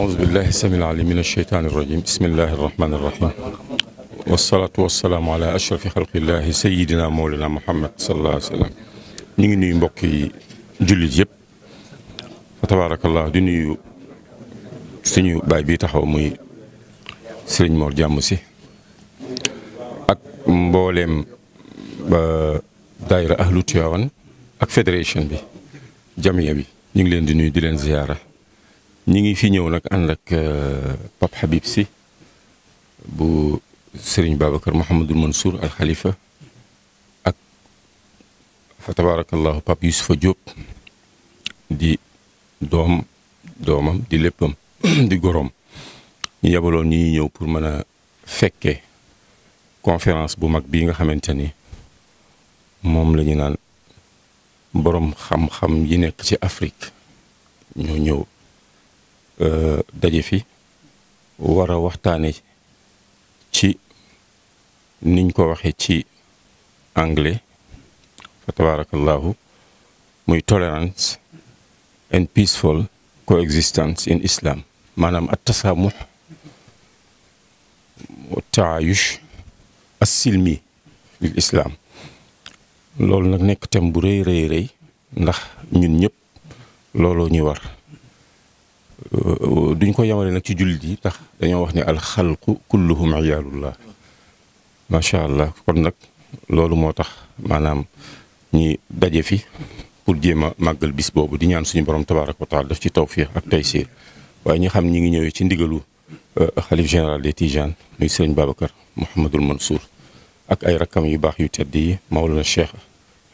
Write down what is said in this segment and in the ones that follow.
أعوذ بالله السميع العليم من الشيطان الرجيم بسم الله الرحمن الرحيم والصلاة والسلام على أشرف خلق الله سيدنا مولانا محمد صلى الله عليه وسلم نيجي نبكي جل جيب فتبارك الله دنيو سنيو باي بيتا حومي سرين مور جاموسي اك مبولم با دائرة أهل تيوان اك فدريشن بي جميع بي نيجي لين دنيو دلين زيارة ñingi fi ñëw nak ànd ak pap Habib si bu Serigne Babacar mohammedul Mansour al Khalifa ak fa tabarakallah pap yusuf Diop di dom domam di léppam di gorom ñi yabalon ñi ñëw pour mën fekke conférence bu mag bi nga xamanteni mom lañu nan borom xam-xam yi nekk ci Afrique ñu ñëw. daje fi war a waxtaane ci niñ ko waxee ci anglais fa tabarakallahu muy tolerance and peaceful coexistence in islam maanaam at tasaamux taayush as silmi lil islam loolu nag nekk tem bu rëy rëy rëy ndax ñun ñëpp looloo ñu war Euh, duñ ko yemale nag ci jullit yi tax dañoo wax ne alxalqu kulluhum iyaalullah macha allah kon nag loolu moo tax maanaam ñi daje fi pour jéem a màggal bis boobu di ñaan suñu borom tabaaraka wa taala daf ci tawfiix ak taysiir waaye ñi xam ñi ngi ñëwee ci ndigalu euh, xalif général des Tidianes muy sëriñ Babacar Mouhamadul Mansour ak ay rakkam yu baax yu tedd yi Mawlana Cheikh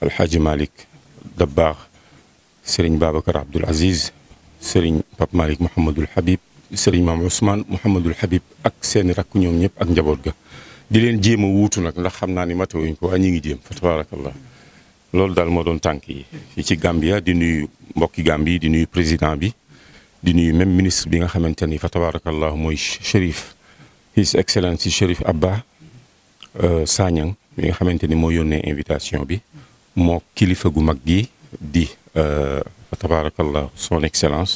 Alxaaji Malik Dabbaax sëriñ Babacar Abdul Aziz sëriñ Pape Malick Mouhamadul Habib sëriñ maam Ousmane Mouhamadul Habib ak seeni rakk ñoom ñëpp ak njaboot ga di leen jéem a wuutu nag ndax xam naa ni matawuñ ko waaye ñu ngi jéem fa tabaarakallah loolu daal doon tànk yi ci Gambia di nuyu mbokki Gambie di nuyu président bi di nuyu même ministre bi nga xamante fa tabaarakallah mooy Chérif His excellency si Chérif Abba Sagnang mi nga xamante ni moo invitation bi moo kilifa gu mag gi di تبارك الله سون اكسلانس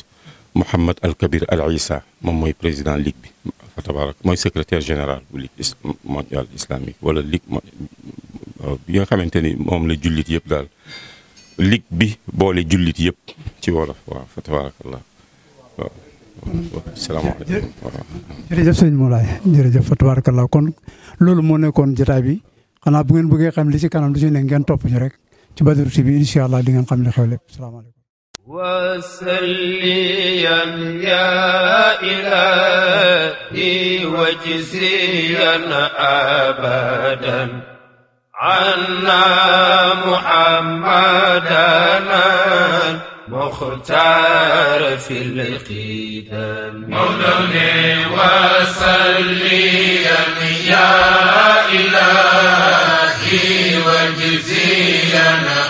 محمد الكبير العيسى مام موي بريزيدان ليك بي تبارك موي سكرتير جينيرال ليك مونديال الاسلامي ولا ليك بيا خامتيني موم لا جوليت ييب دال ليك بي بولي جوليت ييب تي ولاف وا تبارك الله السلام عليكم جيرجيف سيني مولاي جيرجيف تبارك الله كون لولو مو نيكون جتاي بي خنا بوغين بوغي خام لي سي كانام دي نين غن توب ني رك تي بدر تي بي ان شاء الله دي غن خام لي السلام عليكم وسليا يا إلهي وجزيا أبدا عنا محمدنا مختار في القدم مولاي وسليا يا إلهي وجزيا أبدا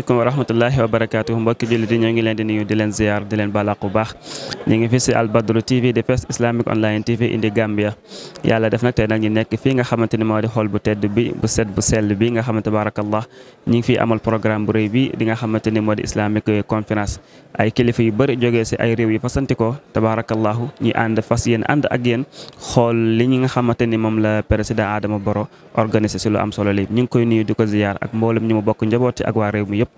asalaamaaleykum wa rahmatullahi wa barakatuh mbokki jullit yi ñoo ngi leen di nuyu di leen ziar di leen balaq ngi fi Al Badru TV de First Islamic Online TV indi Gambia yàlla def nag tey nag ñu nekk fii nga xamante di xool bu tedd bi bu set bu sell bi nga barakallah ñu ngi fi amal programme bu rëy bi di nga di Islamic Conference ay kilifa yu bëri jógee si ay réew yi fasanti ko tabarakallahu ñi and fas yéen ànd ak yéen xool li ñi nga la Adama organisé si lu am solo léegi ñu koy nuyu di ko ziyaar ak mboolem ñu mu bokk njabooti ak waa réew mi yëpp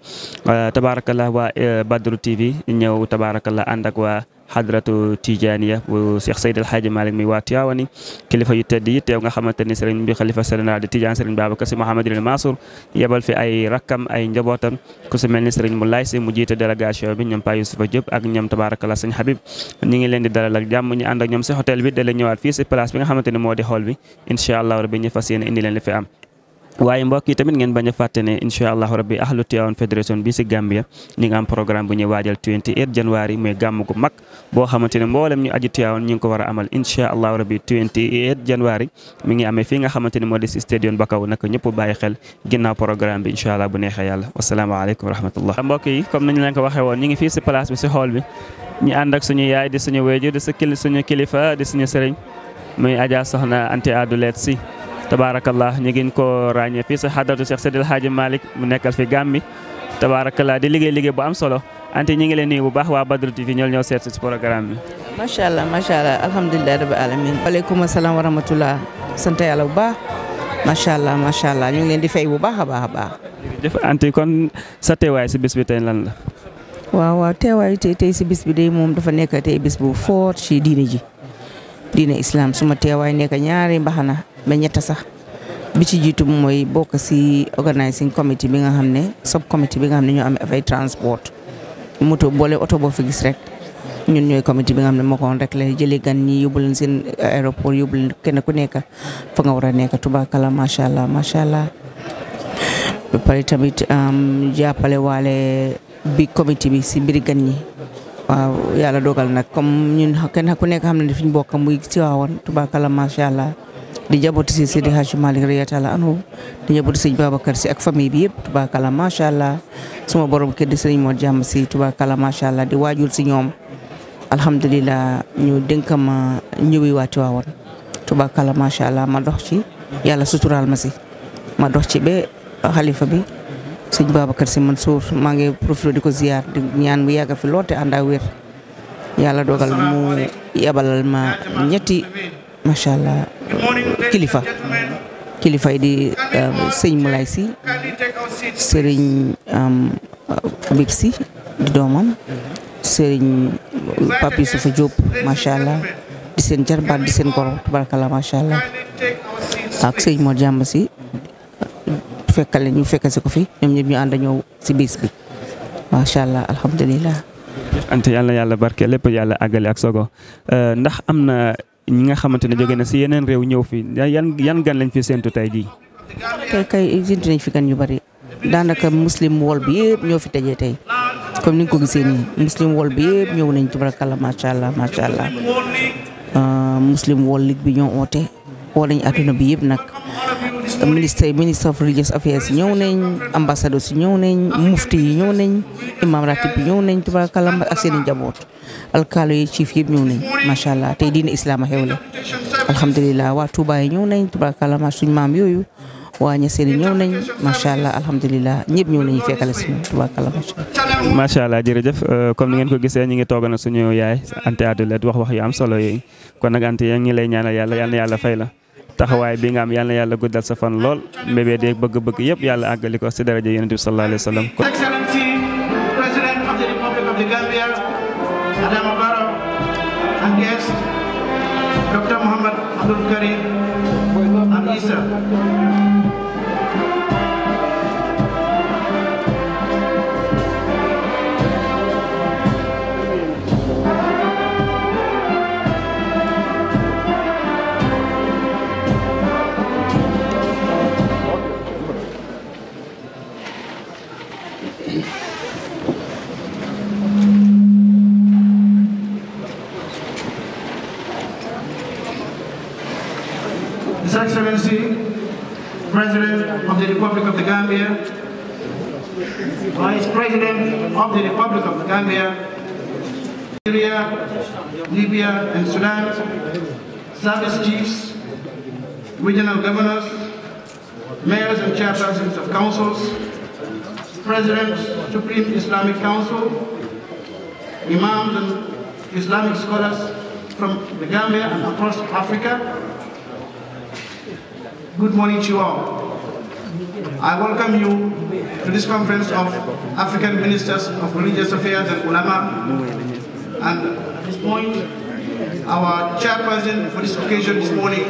uh, tabaarakallah waa uh, Badru TV ñëw tabaarakallah ànd ak waa xadratu tijaniya bu Cheikh Seydi El Hadji Malick mi waa Tiyaawani kilifa yu tedd yi teew nga xamante ni bi xalifa général de Tijaan sëriñ Babacar Si Mouhamadul Mansour yebal fi ay rakkam ay njabootam ku si mel ni sëriñ Moulay Si mu jiite délégation bi ñoom Pa Youssoufa Diop ak ñoom tabaarakalla sëñ Habib ñi ngi leen di dalal ak jàmm ñu ànd ak ñoom si hôtel bi dala fii si place bi nga xamante ni moo di xool bi incha allah rabbi ñu leen li am waaye mbokk yi tamit ngeen bañ a fàtte ne incha allahu rabbi ahlu Tivaouane fédération bi si Gambia ñi nga am programme bu ñuy waajal 28 janvier muy gàmm gu mag boo xamante ne mboolem ñu aju Tivaouane ñu ngi ko war a amal incha allahu rabbi 28 janvier mi ngi amee fii nga xamante ne moo di si stadion Bakaw naka ñëpp bàyyi xel ginnaaw programme bi incha allah bu neexee yàlla wasalaamaaleykum wa rahmatullah mbokk yi comme nañu leen ko waxee woon ñu ngi fii si tabarakallah ñu ngi ko ràññee fii sa xadaratu Cheikh Seydil Hadji Malick mu nekkal fi Gàmbi tabarakallah di liggéey bu am solo anti ñi ngi leen nuyu bu baax waa Badru TV ñoo ñoo seet ci programme bi macha allah rabbil alamin waaleykum asalaam wa rahmatullah sant yàlla bu baax macha allah ñu leen di fay bu baax baax baax anti kon sa teewaay si bis bi tey lan la waaw waaw teewaay tey tey si bis bi day moom dafa nekk bis bu fort ci diine ji diine islam suma teewaay nekk ñaari mbaxana ba ñett sax bi ci jiitu mooy bokk si organizing committee bi nga xam ne sub committee bi nga xam ne ñoo am ay transport moto boole oto boo fi gis rek ñun ñooy comité bi nga xam ne moo woon rek le jëlee gan ñi yóbbu leen seen aéroport yóbbu leen kenn ku nekk fa nga war a nekk tubakala macha allah macha allah. ba pare tamit jàppale waale bi comité bi si mbiri gan ñi waaw yàlla dogal nag comme ñun kenn ku nekk xam ne fi ñu bokk muy si waawoon allah. di jabooti si Seydi Hadji Malick Riya Taala anhu di jabooti sëñ Babacar si ak famille bi yëpp tubaakala macha allah suma borom kër di sëñ Mor Jàmm si tubaakala macha allah di waajul si ñoom alhamdulilah ñu dénkama ñëwi waati waawoon tubaakala macha allah ma dox ci yàlla suturaal ma si ma dox ci ba xalifa bi sëñ Babacar si Mansour maa ngi profité di ko ziar di ñaan bu yàgg fi lool te ànd ak dogal mu yabalal ma ñetti. macha allah kilifa kilifa di um, sëñ Moulay si sëriñ um, Habib si di doomam sëriñ Papi Soufa Diop macha allah di seen jarbaat di seen goro tabarakalla macha allah ak sëñ moo Jàmb si fekkale ñu fekk si ko fi ñoom ñëpp ñu ànd ñëw si bis bi macha allah alhamdulilah. jërëjëf yàlla yàlla barke lépp yàlla àggale ak sogo uh, ndax am na ñi nga xamante ne jóge na si yeneen réew ñëw fi yan yan gan lañ fi séntu tey jii. tey kay séntu nañ fi gan yu bari daanaka muslim wol bi yëpp ñoo fi tëjee tey comme ni nga ko gisee nii muslim wol bi yëpp ñëw nañ kala macha allah macha allah ah, muslim wol lig bi ñoo oote woo nañ adduna bi yëpp nag. ministre ministre of religious affairs yi ñëw nañ ambassadeurs yi ñëw nañ mufti yi ñëw nañ imam ratib yi ñëw nañ tubaarakàlla ak seen i njaboot alkaalo yi chief yëpp ñëw nañ macha allah tey diine islam a xewle alhamdulilah waa Touba yi ñëw nañ tubaarakàlla ma suñ maam yooyu waa Ñaseen yi ñëw nañ macha allah alhamdulilah ñëpp ñëw nañu fekkale suñu tubaarakàlla macha allah. macha allah jërëjëf euh, comme ni ngeen ko gisee ñu ngi toogal suñu yaay Anta Adoulet wax wax yu solo yooyu kon nag Anta yaa ngi lay ñaanal yàlla yàlla yàlla fay la taxawaay bi nga am yàlla na yàlla guddal sa fan lool mbébé dee bëgg-bëgg yëpp yàlla àggali ko si daraja yonent bi sallallahu alayhi wa sallam Excellency, President of the Republic of the Gambia, Vice President of the Republic of the Gambia, Syria, Libya and Sudan, service chiefs, regional governors, mayors and chairpersons of councils, President Supreme Islamic Council, imams and Islamic scholars from the Gambia and across Africa, Good morning to you all. I welcome you to this conference of African Ministers of Religious Affairs and Ulama. And at this point, our chairperson for this occasion this morning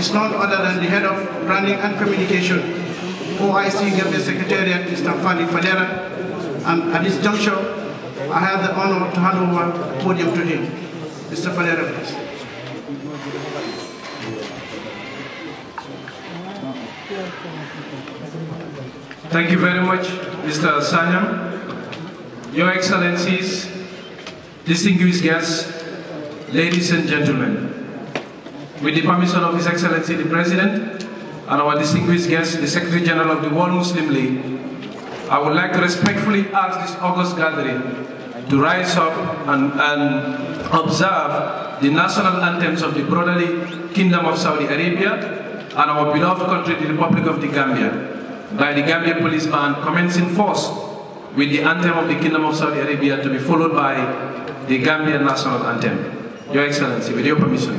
is none other than the head of branding and communication, OIC Gambia Secretariat, Mr. Fali Fadera. And at this juncture, I have the honor to hand over the podium to him. Mr. Fadera, please. Thank you very much, Mr. Sanyam. Your Excellencies, distinguished guests, ladies and gentlemen. With the permission of His Excellency the President and our distinguished guest, the Secretary General of the World Muslim League, I would like to respectfully ask this August gathering to rise up and, and observe the national anthems of the brotherly Kingdom of Saudi Arabia and our beloved country, the Republic of the Gambia by the Gambian police band commencing first force with the anthem of the Kingdom of Saudi Arabia to be followed by the Gambian national anthem. Your Excellency, with your permission.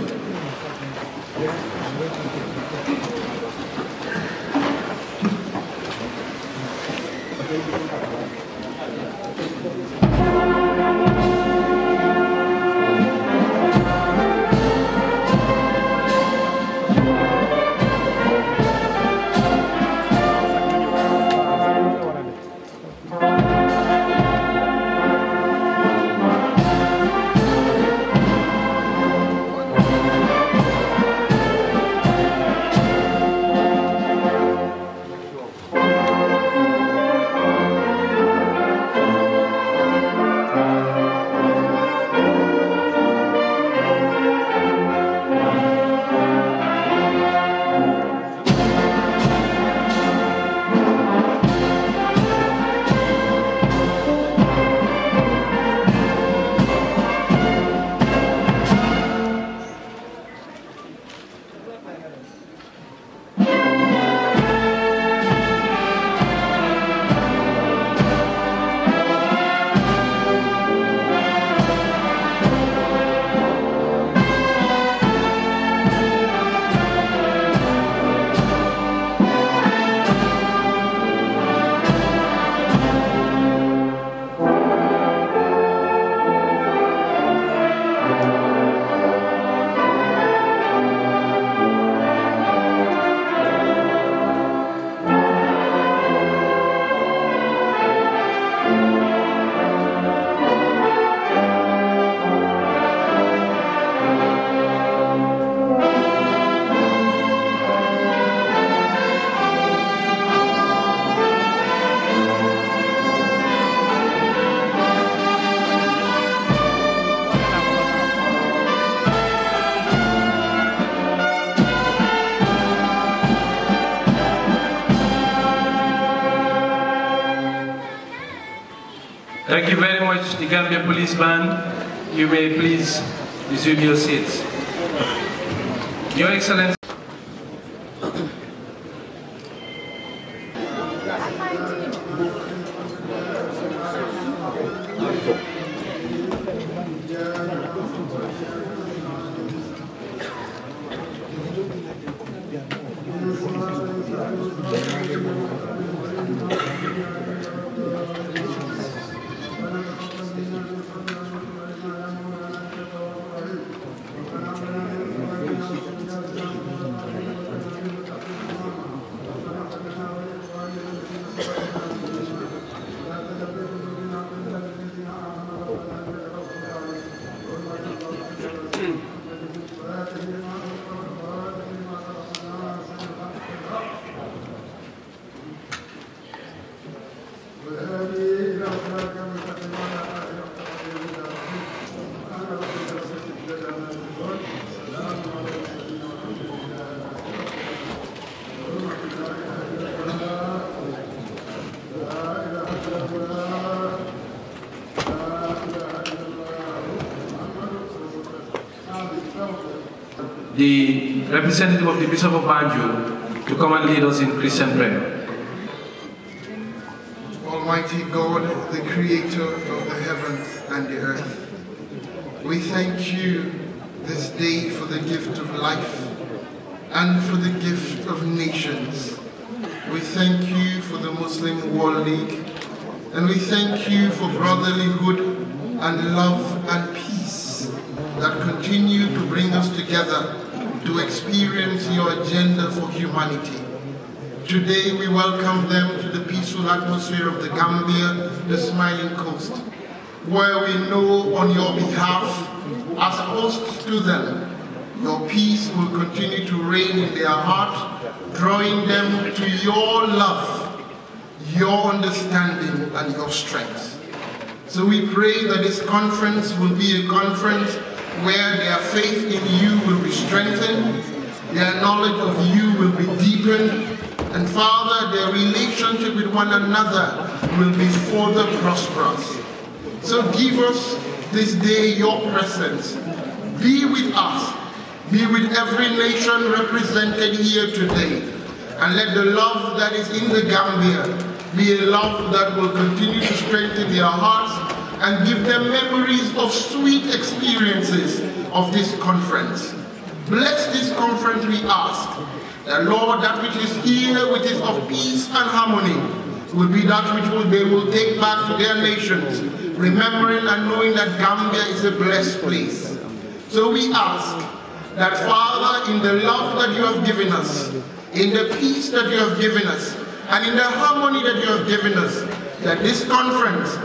the Gambia Police Band, you may please resume your seats. Your Excellency, the representative of the Bishop of Banjul to come and lead us in Christian prayer. Almighty God, the creator of the heavens and the earth, we thank you this day for the gift of life and for the gift of nations. We thank you for the Muslim World League and we thank you for brotherly humanity. Today we welcome them to the peaceful atmosphere of the Gambia, the smiling coast, where we know on your behalf, as hosts to them, your peace will continue to reign in their heart, drawing them to your love, your understanding, and your strength. So we pray that this conference will be a conference where their faith in you will be strengthened their knowledge of you will be deepened. And Father, their relationship with one another will be further prosperous. So give us this day your presence. Be with us. Be with every nation represented here today. And let the love that is in the Gambia be a love that will continue to strengthen their hearts and give them memories of sweet experiences of this conference. Bless this conference, we ask. The Lord, that which is here, which is of peace and harmony, will be that which will, they will take back to their nations, remembering and knowing that Gambia is a blessed place. So we ask that, Father, in the love that you have given us, in the peace that you have given us, and in the harmony that you have given us, that this conference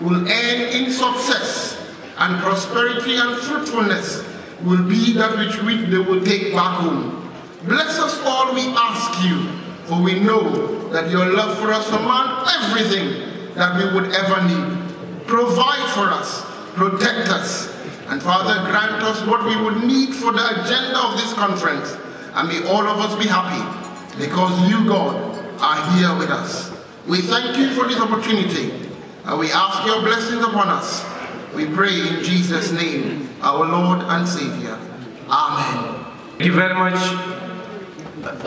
will end in success and prosperity and fruitfulness will be that which they will take back home. Bless us all, we ask you, for we know that your love for us commands everything that we would ever need. Provide for us, protect us, and Father, grant us what we would need for the agenda of this conference, and may all of us be happy, because you, God, are here with us. We thank you for this opportunity, and we ask your blessings upon us. We pray in Jesus' name, our Lord and Savior. Amen. Thank you very much,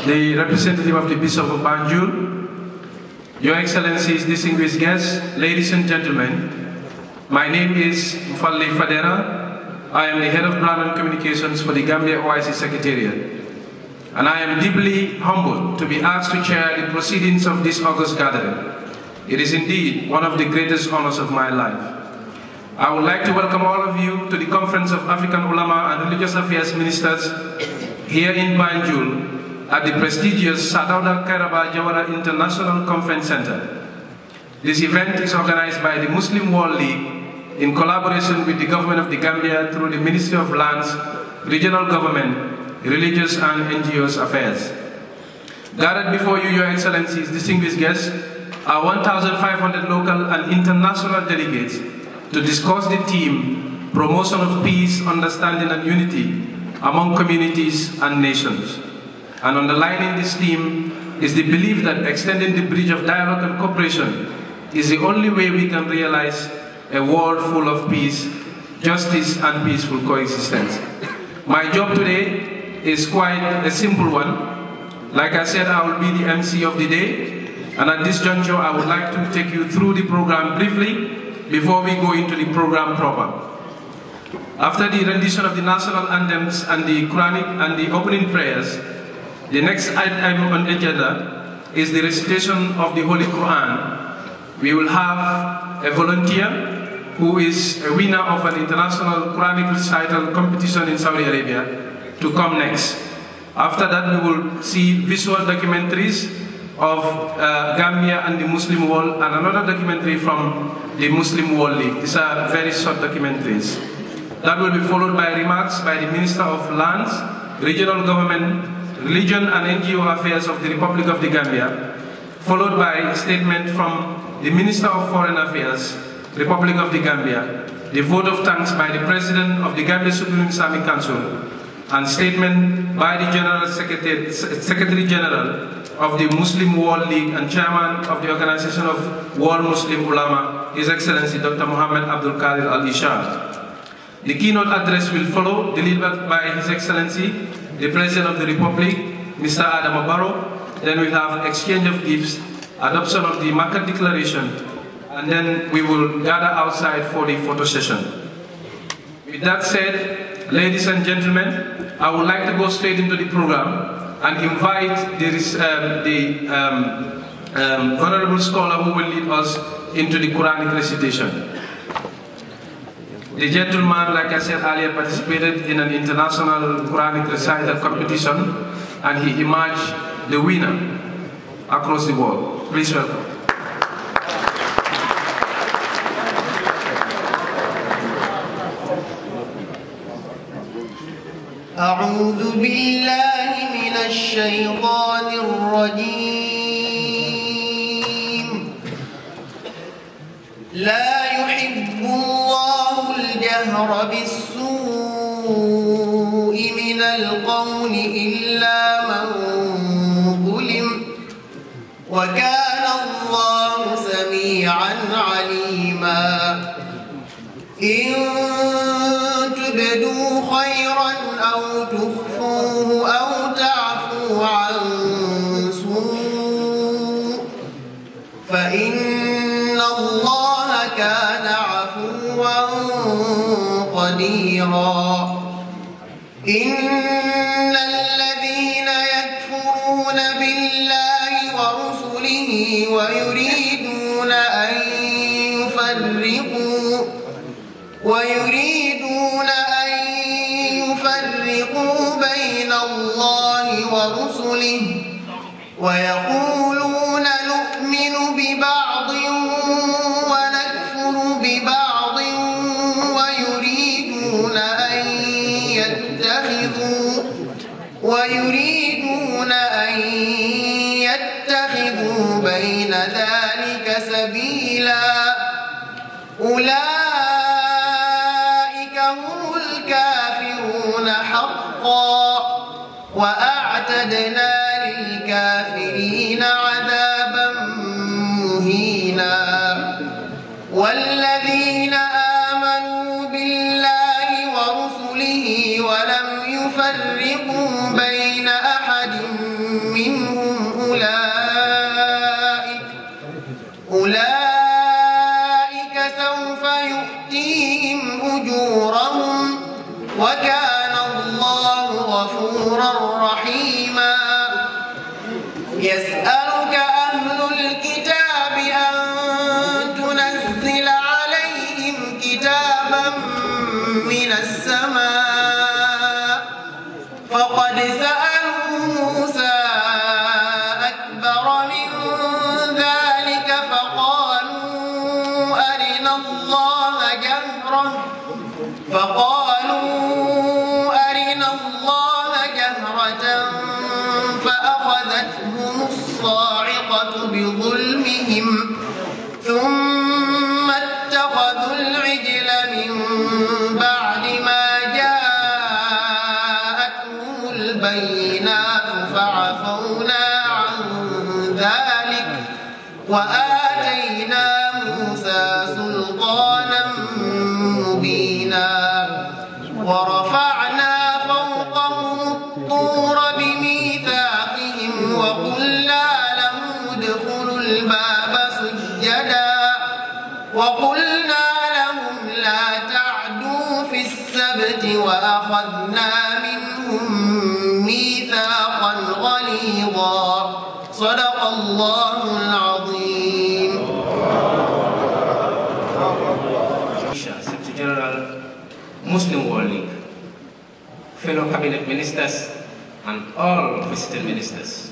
the representative of the Bishop of Banjul, Your Excellencies, distinguished guests, ladies and gentlemen, my name is Mfalli Fadera. I am the head of brand and communications for the Gambia OIC Secretariat. And I am deeply humbled to be asked to chair the proceedings of this August gathering. It is indeed one of the greatest honors of my life. I would like to welcome all of you to the Conference of African Ulama and Religious Affairs Ministers here in Banjul at the prestigious Sadauda Karaba Jawara International Conference Center. This event is organized by the Muslim World League in collaboration with the Government of the Gambia through the Ministry of Lands, Regional Government, Religious and NGOs Affairs. Gathered before you, Your Excellencies, distinguished guests, our 1,500 local and international delegates to discuss the theme Promotion of Peace, Understanding and Unity among Communities and Nations. And underlining this theme is the belief that extending the bridge of dialogue and cooperation is the only way we can realize a world full of peace, justice and peaceful coexistence. My job today is quite a simple one. Like I said, I will be the MC of the day. And at this juncture, I would like to take you through the program briefly before we go into the program proper. After the rendition of the national anthems and the Quranic and the opening prayers, the next item on agenda is the recitation of the Holy Quran. We will have a volunteer who is a winner of an international Quranic recital competition in Saudi Arabia to come next. After that, we will see visual documentaries of uh, Gambia and the Muslim world, and another documentary from the Muslim World League. These are very short documentaries. That will be followed by remarks by the Minister of Lands, Regional Government, Religion and NGO Affairs of the Republic of the Gambia, followed by a statement from the Minister of Foreign Affairs, Republic of the Gambia, the vote of thanks by the President of the Gambia Supreme Islamic Council, and statement by the General Secretary, Secretary General of the Muslim World League and Chairman of the Organization of World Muslim Ulama, His Excellency Dr. Muhammad Abdul Qadir al ishar The keynote address will follow, delivered by His Excellency, the President of the Republic, Mr. Adam Abaro. Then we'll have exchange of gifts, adoption of the market declaration, and then we will gather outside for the photo session. With that said, Ladies and gentlemen, I would like to go straight into the program and invite the, um, the um, um, honorable scholar who will lead us into the Quranic recitation. The gentleman, like I said earlier, participated in an international Quranic recital competition and he emerged the winner across the world. Please welcome. أعوذ بالله من الشيطان الرجيم لا يحب الله الجهر بالسوء من القول إلا من ظلم وكان الله سميعا عليما إن تبدوا خيراً أو تخفوه أو تعفو عن سوء فإن الله كان عفوا قديرا إن الذين يكفرون بالله ورسله ويريدون أن يفرقوا ويريدون ويقولون نؤمن ببعض ونكفر ببعض ويريدون أن يتخذوا ويريدون أن يتخذوا بين ذلك سبيلا أولئك هم الكافرون حقا وأعتدنا للكافرين عذابا مهينا والذين آمنوا بالله ورسله ولم يفرقوا بين أحد منهم أولئك أولئك وأن cabinet ministers and all visiting ministers,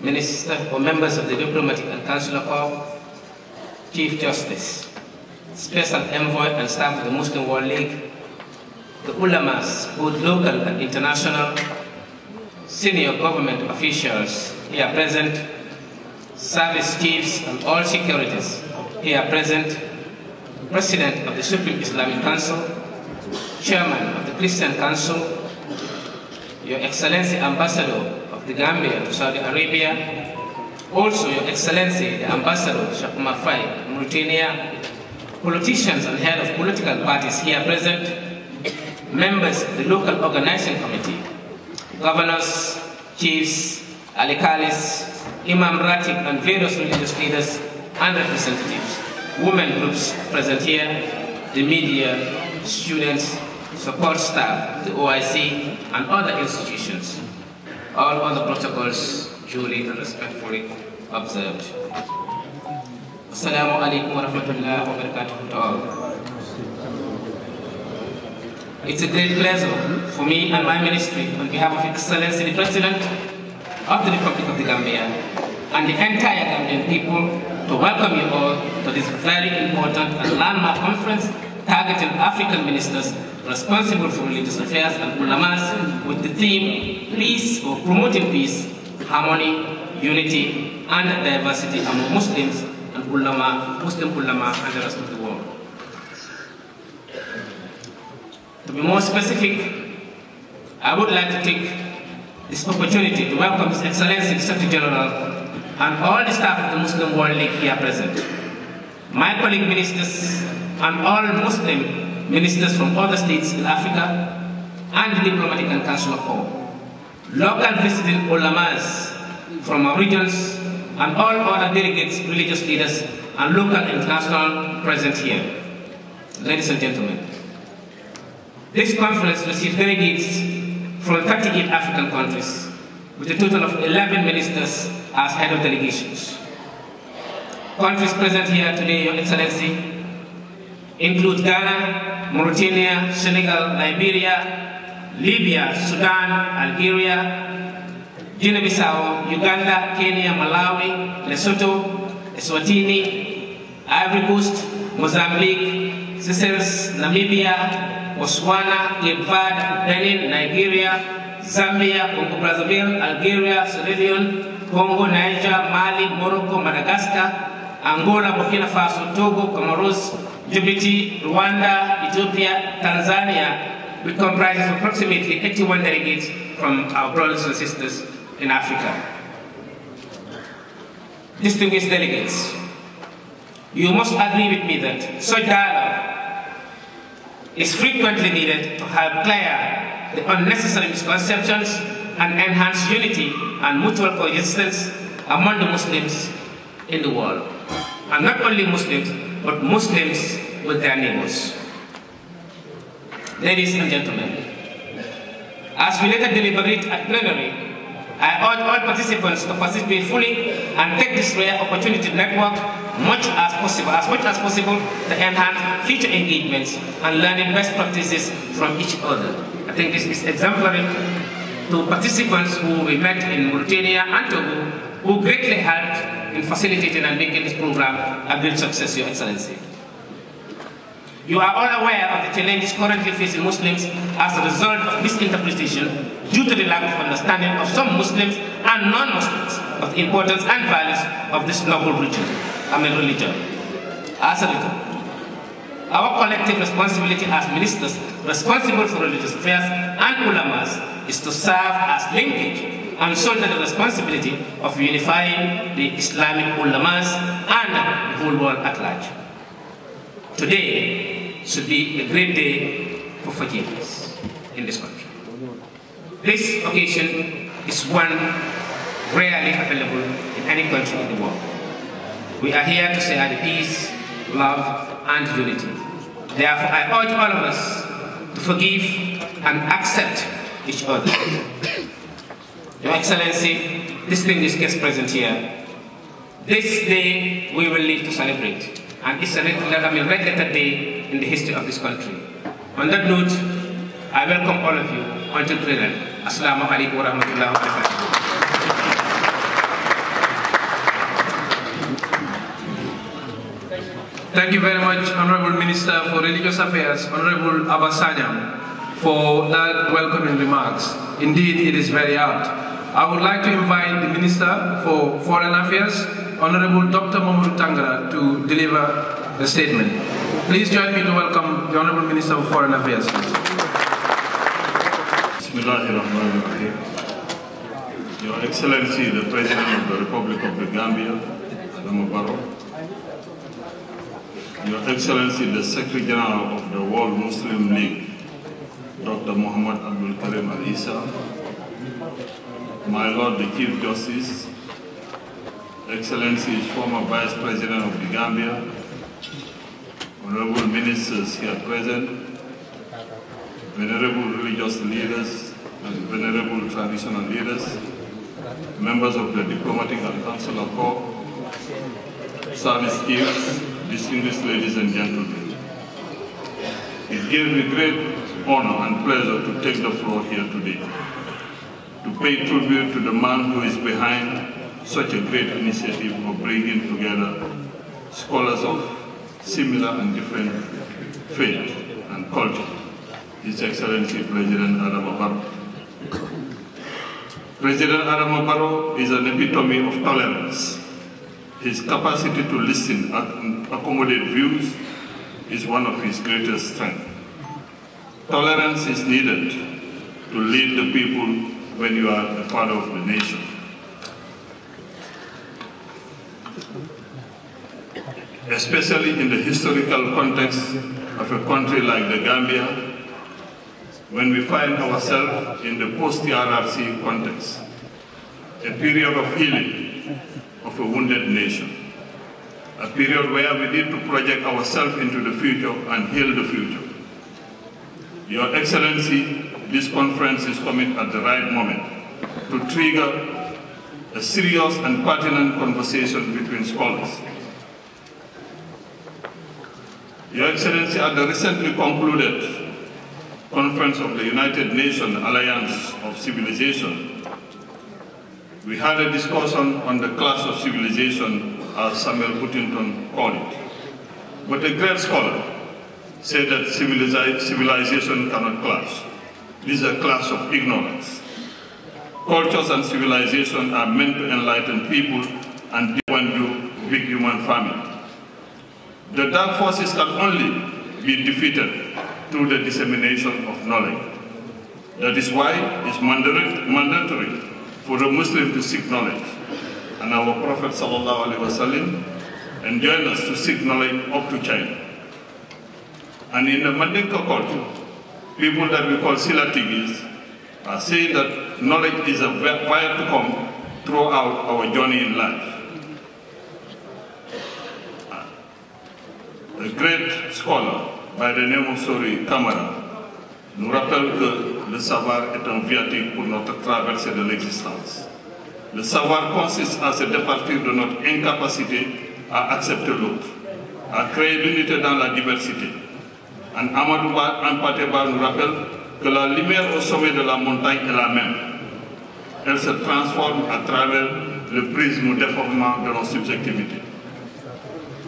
ministers or members of the Diplomatic and Consular Corps, Chief Justice, Special Envoy and staff of the Muslim World League, the ulamas, both local and international, senior government officials here present, service chiefs and all securities here present, President of the Supreme Islamic Council, Chairman of the Christian Council, your Excellency Ambassador of the Gambia to Saudi Arabia, also Your Excellency the Ambassador Shakuma Fai, Mauritania, politicians and head of political parties here present, members of the local organizing committee, governors, chiefs, alikalis, imam ratib and various religious leaders and representatives, women groups present here, the media, students, support staff, the OIC, and other institutions. All other protocols duly and respectfully observed. Assalamu alaikum wa rahmatullahi wa barakatuh to all. It's a great pleasure for me and my ministry on behalf of Excellency the President of the Republic of the Gambia and the entire Gambian people to welcome you all to this very important and landmark conference targeting African ministers responsible for religious affairs and ulamas with the theme peace or promoting peace, harmony, unity and diversity among Muslims and ulama, Muslim ulama and the rest of the world. To be more specific, I would like to take this opportunity to welcome His Excellency the Secretary General and all the staff of the Muslim World League here present, my colleague ministers and all Muslim ministers from other states in Africa, and diplomatic and consular corps. Local visiting ulamas from our regions, and all other delegates, religious leaders, and local and international present here. Ladies and gentlemen, this conference received delegates from 38 African countries, with a total of 11 ministers as head of delegations. Countries present here today, Your Excellency, include Ghana, Mauritania, Senegal, Liberia, Libya, Sudan, Algeria, Guinea-Bissau, Uganda, Kenya, Malawi, Lesotho, Eswatini, Ivory Coast, Mozambique, Seychelles, Namibia, Botswana, Cape Verde, Benin, Nigeria, Zambia, Congo-Brazzaville, Algeria, Sierra Leone, Congo, Niger, Mali, Morocco, Madagascar, Angola, Burkina Faso, Togo, Comoros, Djibouti, Rwanda, Ethiopia, Tanzania, which comprises approximately 81 delegates from our brothers and sisters in Africa. Distinguished delegates, you must agree with me that such dialogue is frequently needed to help clear the unnecessary misconceptions and enhance unity and mutual coexistence among the Muslims in the world. And not only Muslims, but Muslims with their neighbors. Ladies and gentlemen, as we later deliberate at plenary, I urge all participants to participate fully and take this rare opportunity to network much as possible, as much as possible to enhance future engagements and learning best practices from each other. I think this is exemplary to participants who we met in Mauritania and Togo, who greatly helped in facilitating and making this program a great success, Your Excellency. You are all aware of the challenges currently facing Muslims as a result of misinterpretation due to the lack of understanding of some Muslims and non-Muslims of the importance and values of this noble religion, I mean religion. As a result, our collective responsibility as ministers responsible for religious affairs and ulamas is to serve as linkage and shoulder the responsibility of unifying the Islamic ulamas and the whole world at large. Today should be a great day for forgiveness in this country. This occasion is one rarely available in any country in the world. We are here to share peace, love, and unity. Therefore, I urge all of us to forgive and accept each other. Your Excellency, distinguished guests present here, this day we will live to celebrate and it's a every letter day in the history of this country. On that note, I welcome all of you until prayer. Assalamu alaikum wa rahmatullahi wa barakatuh. Thank you very much, Honorable Minister for Religious Affairs, Honorable Abbasanyam, for that welcoming remarks. Indeed, it is very apt. I would like to invite the Minister for Foreign Affairs, Honorable Dr. Mamoudou Tangara, to deliver the statement. Please join me to welcome the Honorable Minister of Foreign Affairs. Your Excellency, the President of the Republic of the Gambia, Lamabaro. Your Excellency, the Secretary General of the World Muslim League, Dr. Muhammad Abdul Karim Al Isa my Lord the Chief Justice, Excellencies, former Vice President of the Gambia, Honorable Ministers here present, Venerable religious leaders and Venerable traditional leaders, members of the Diplomatic and Consular Corps, service chiefs, distinguished ladies and gentlemen. It gives me great honor and pleasure to take the floor here today to pay tribute to the man who is behind such a great initiative of bringing together scholars of similar and different faith and culture. His Excellency President Adam President Adam is an epitome of tolerance. His capacity to listen and accommodate views is one of his greatest strengths. Tolerance is needed to lead the people when you are the father of the nation. Especially in the historical context of a country like the Gambia, when we find ourselves in the post rrc context, a period of healing of a wounded nation, a period where we need to project ourselves into the future and heal the future. Your Excellency, this conference is coming at the right moment to trigger a serious and pertinent conversation between scholars. Your Excellency, at the recently concluded Conference of the United Nations Alliance of Civilization, we had a discussion on the class of civilization, as Samuel Huntington called it. But a great scholar said that civilization cannot clash. This is a class of ignorance. Cultures and civilizations are meant to enlighten people and one you big human family. The dark forces can only be defeated through the dissemination of knowledge. That is why it's mandatory for the Muslim to seek knowledge. And our Prophet wasallam enjoined us to seek knowledge up to China. And in the Mandinka culture, people that we call Silativis are saying that knowledge is a vital component come throughout our journey in life. A great scholar by the name of Sori Kamara nous rappelle que le savoir est un viatique pour notre traversée de l'existence. Le savoir consiste à se départir de notre incapacité à accepter l'autre, à créer l'unité dans la diversité, En Amadou Ampateba nous rappelle que la lumière au sommet de la montagne est la même. Elle se transforme à travers le prisme déformant de nos subjectivités.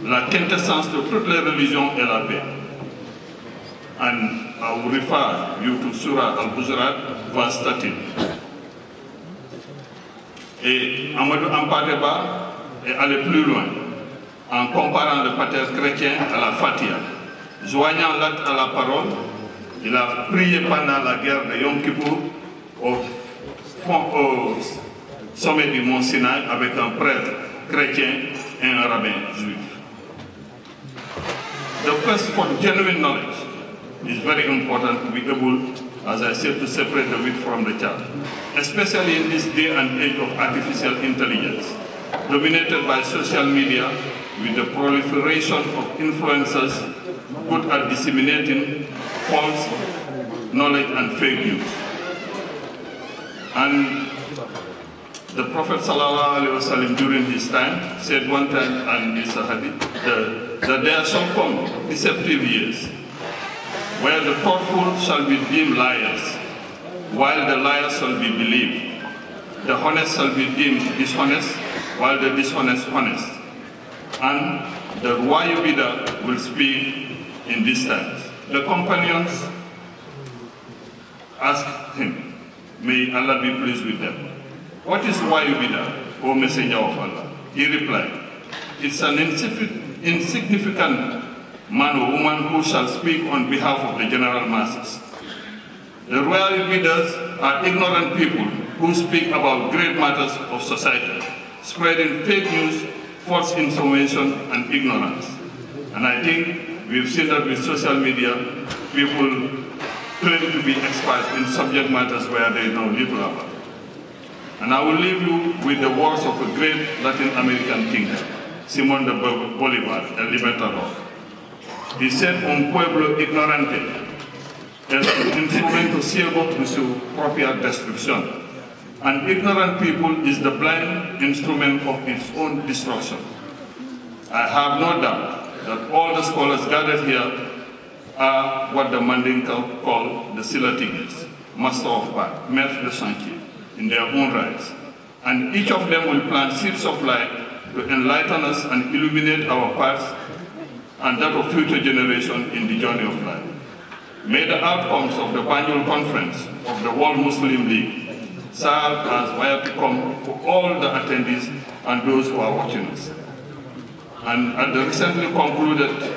La quintessence de toutes les religions est la paix. En Aurifa, Youtube al Et Amadou Ampateba est allé plus loin en comparant le pater chrétien à la fatia. Joignant l'acte à la parole, il a prié pendant la guerre de Yom Kippur au, sommet du mont Sinai avec un prêtre chrétien et un rabbin juif. The quest for genuine knowledge is very important to be able, as I said, to separate the wheat from the chaff, especially in this day and age of artificial intelligence, dominated by social media with the proliferation of influencers good at disseminating false knowledge and fake news. And the Prophet wasallam during his time said one time, and this hadith, that, that there some come deceptive years where the thoughtful shall be deemed liars, while the liars shall be believed. The honest shall be deemed dishonest, while the dishonest honest. And the Ruwayubida will speak in distance. The companions asked him, May Allah be pleased with them. What is Wayubida, O Messenger of Allah? He replied, It's an insignificant man or woman who shall speak on behalf of the general masses. The royal leaders are ignorant people who speak about great matters of society, spreading fake news, false information, and ignorance. And I think We've seen that with social media, people claim to be experts in subject matters where they know little about. And I will leave you with the words of a great Latin American thinker, Simón de Bolívar, a Libertador. He said, un pueblo ignorante es un instrumento ciego de su propia destrucción. An ignorant people is the blind instrument of its own destruction. I have no doubt that all the scholars gathered here are what the Mandinka call the Silatigis, master of art, maître the chantier, in their own rights. And each of them will plant seeds of light to enlighten us and illuminate our paths and that of future generations in the journey of life. May the outcomes of the Banjul Conference of the World Muslim League serve as a welcome for all the attendees and those who are watching us and at the recently concluded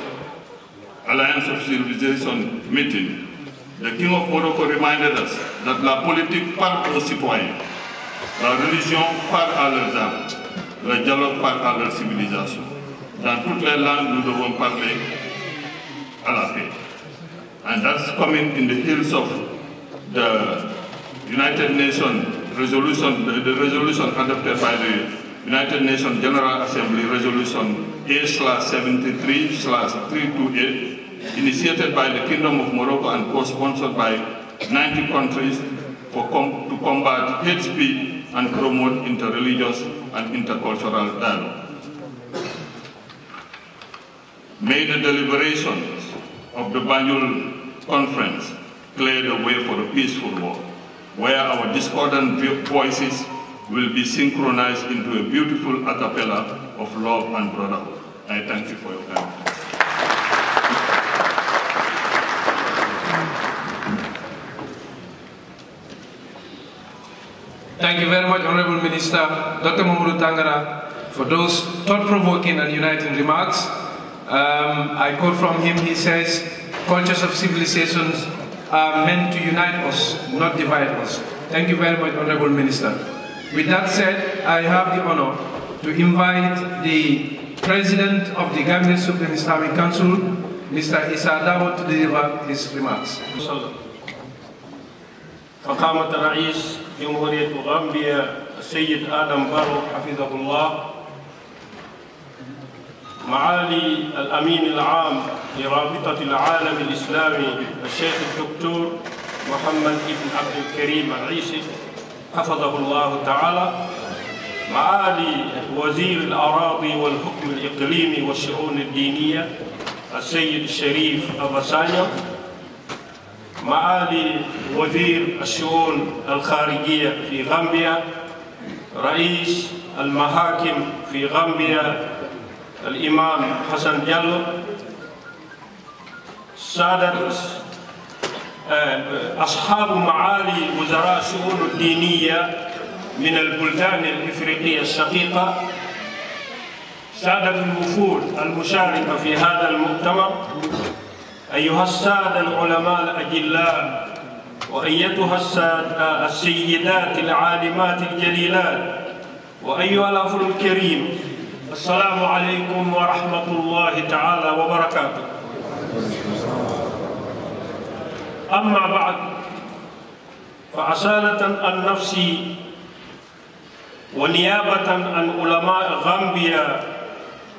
Alliance of Civilization meeting, the King of Morocco reminded us that la politique par aux citoyens, la religion par à leurs âmes, le dialogue parle à leur civilisation. Dans toutes les langues, nous devons parler à la paix. And that's coming in the heels of the United Nations resolution, the, the resolution adopted by the United Nations General Assembly Resolution A-73-328, initiated by the Kingdom of Morocco and co-sponsored by 90 countries com to combat hate speech and promote interreligious and intercultural dialogue. May the deliberations of the Banjul Conference clear the way for a peaceful world, where our discordant voices will be synchronized into a beautiful a cappella of love and brotherhood. I thank you for your time. Thank you very much, Honorable Minister Dr. Mamoru Tangara, for those thought-provoking and uniting remarks. Um, I quote from him, he says, cultures of civilizations are meant to unite us, not divide us. Thank you very much, Honorable Minister. With that said, I have the honor to invite the President of the Gambia Supreme Islamic Council, Mr. Issa Dabo, to deliver his remarks. فقامة رئيس جمهورية غامبيا السيد آدم بارو حفظه الله معالي الأمين العام لرابطة العالم الإسلامي الشيخ الدكتور محمد بن عبد الكريم العيسي حفظه الله تعالى معالي وزير الأراضي والحكم الإقليمي والشؤون الدينية السيد الشريف أباسانيا معالي وزير الشؤون الخارجية في غامبيا رئيس المحاكم في غامبيا الإمام حسن جلو سادة آه، أصحاب معالي وزراء الشؤون الدينية من البلدان الإفريقية الشقيقة سادة الوفود المشاركة في هذا المؤتمر أيها السادة العلماء الأجلاء وأيتها السيدات العالمات الجليلات وأيها الأخ الكريم السلام عليكم ورحمة الله تعالى وبركاته أما بعد فعسالة عن نفسي ونيابة عن علماء غامبيا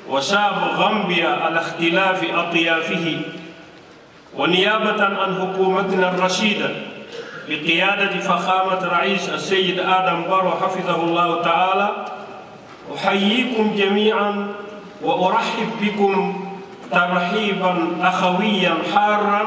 وشعب غامبيا على اختلاف أطيافه ونيابة عن حكومتنا الرشيدة بقيادة فخامة رئيس السيد آدم بارو حفظه الله تعالى أحييكم جميعا وأرحب بكم ترحيبا أخويا حارا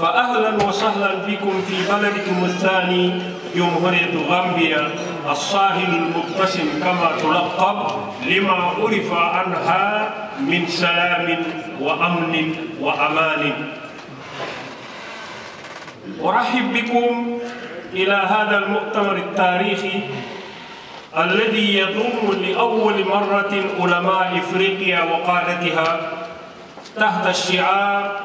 فأهلا وسهلا بكم في بلدكم الثاني جمهورية غامبيا الساحل المبتسم كما تلقب لما عرف عنها من سلام وأمن وأمان أرحب بكم إلى هذا المؤتمر التاريخي الذي يضم لأول مرة علماء إفريقيا وقادتها تحت الشعار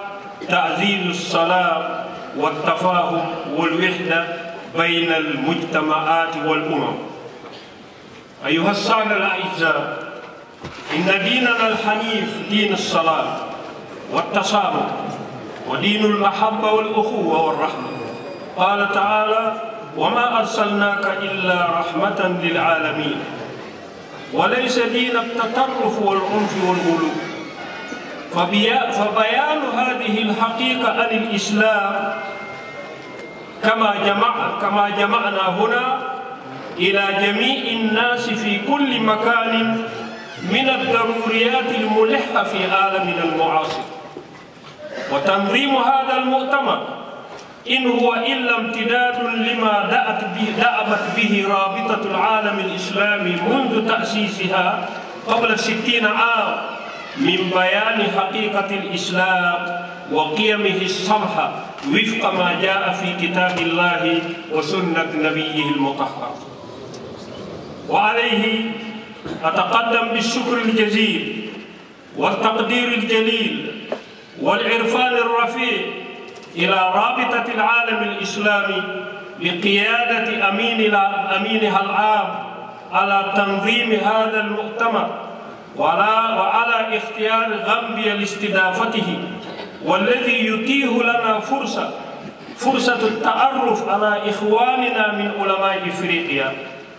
تعزيز الصلاة والتفاهم والوحدة بين المجتمعات والأمم أيها السادة الأعزاء إن ديننا الحنيف دين الصلاة والتسامح ودين المحبة والأخوة والرحمة قال تعالى وما أرسلناك إلا رحمة للعالمين وليس دين التطرف والعنف والغلو فبيان هذه الحقيقة عن الإسلام كما جمع كما جمعنا هنا إلى جميع الناس في كل مكان من الضروريات الملحة في عالمنا المعاصر وتنظيم هذا المؤتمر إن هو إلا امتداد لما دأت به دأبت به رابطة العالم الإسلامي منذ تأسيسها قبل ستين عام من بيان حقيقة الإسلام وقيمه الصمحة وفق ما جاء في كتاب الله وسنة نبيه المطهر وعليه أتقدم بالشكر الجزيل والتقدير الجليل والعرفان الرفيع إلى رابطة العالم الإسلامي بقيادة أمينها العام على تنظيم هذا المؤتمر وعلى, وعلى اختيار غامبيا لاستضافته والذي يتيح لنا فرصة فرصة التعرف على إخواننا من علماء إفريقيا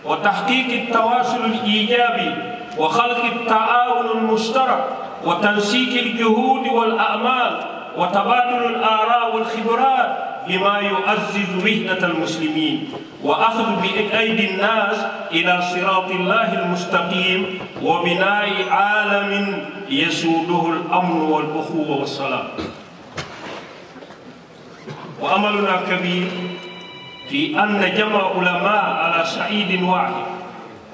وتحقيق التواصل الإيجابي وخلق التعاون المشترك وتنسيق الجهود والأعمال وتبادل الآراء والخبرات لما يؤزز مهنة المسلمين وأخذ بأيدي الناس إلى صراط الله المستقيم وبناء عالم يسوده الأمن والأخوة والسلام وأملنا كبير في أن جمع علماء على سعيد واحد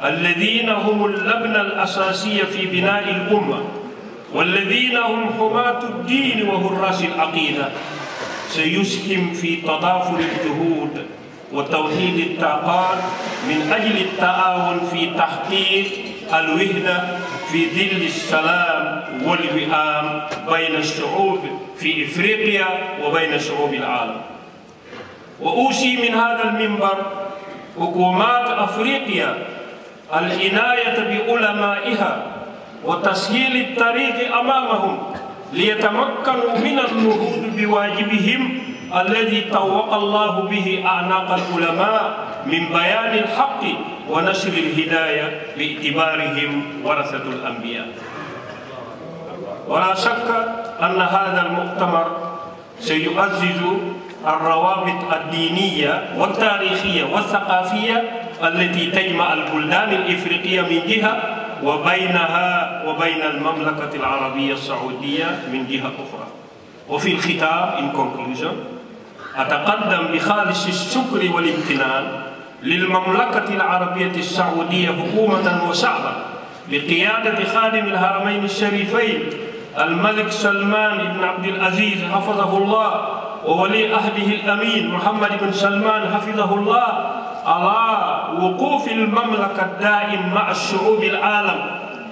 الذين هم اللبنة الأساسية في بناء الأمة والذين هم حماة الدين وهراس العقيدة سيسهم في تضافر الجهود وتوحيد الطاقات من أجل التعاون في تحقيق الوحدة في ظل السلام والوئام بين الشعوب في إفريقيا وبين شعوب العالم وأوصي من هذا المنبر حكومات أفريقيا العناية بعلمائها وتسهيل الطريق أمامهم ليتمكنوا من النهوض بواجبهم الذي طوق الله به أعناق العلماء من بيان الحق ونشر الهداية باعتبارهم ورثة الأنبياء ولا شك أن هذا المؤتمر سيعزز الروابط الدينية والتاريخية والثقافية التي تجمع البلدان الإفريقية من جهة وبينها وبين المملكة العربية السعودية من جهة أخرى وفي الختام in conclusion أتقدم بخالص الشكر والامتنان للمملكة العربية السعودية حكومة وشعبا بقيادة خادم الهرمين الشريفين الملك سلمان بن عبد العزيز حفظه الله وولي أهله الأمين محمد بن سلمان حفظه الله على وقوف المملكة الدائم مع الشعوب العالم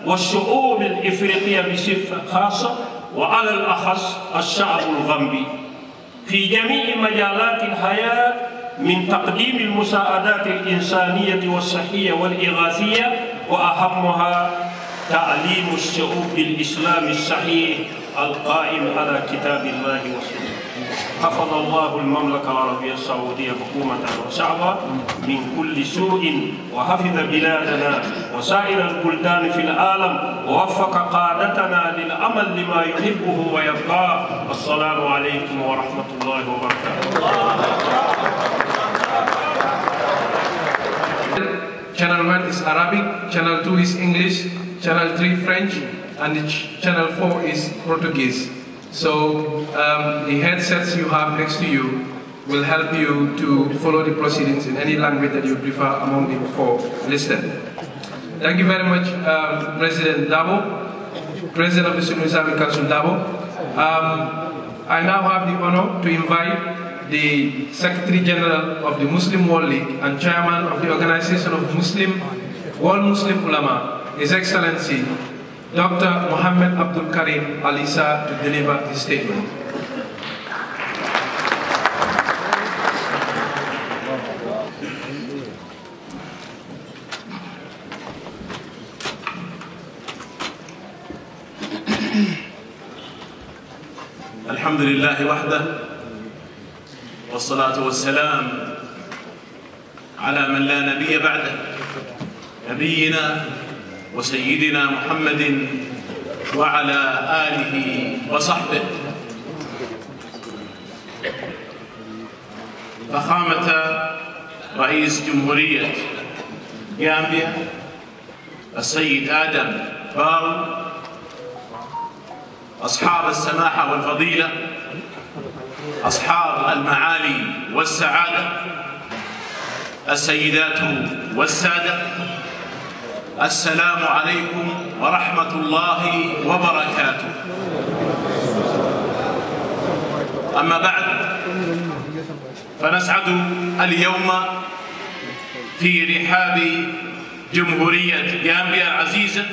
والشعوب الإفريقية بصفة خاصة وعلى الأخص الشعب الغمبي في جميع مجالات الحياة من تقديم المساعدات الإنسانية والصحية والإغاثية وأهمها تعليم الشعوب بالإسلام الصحيح القائم على كتاب الله وسنة حفظ الله المملكة العربية السعودية حكومة وشعبا من كل سوء وحفظ بلادنا وسائر البلدان في العالم ووفق قادتنا للأمل لما يحبه ويرضاه السلام عليكم ورحمة الله وبركاته Channel 1 is Arabic, Channel 2 is English, Channel 3 French, and Channel 4 is Portuguese. So um, the headsets you have next to you will help you to follow the proceedings in any language that you prefer among the four listed. Thank you very much, um, President Dabo, President of the Muslim Islamic Council Dabo. Um, I now have the honor to invite the Secretary General of the Muslim World League and Chairman of the Organization of Muslim World Muslim Ulama, His Excellency Dr. Mohammed Abdul Karim Alisa to deliver the statement. الحمد لله وحده والصلاة والسلام على من لا نبي بعده نبينا وسيدنا محمد وعلى آله وصحبه فخامة رئيس جمهورية جامبيا السيد آدم بارو أصحاب السماحة والفضيلة أصحاب المعالي والسعادة السيدات والسادة السلام عليكم ورحمة الله وبركاته أما بعد فنسعد اليوم في رحاب جمهورية جامبيا العزيزة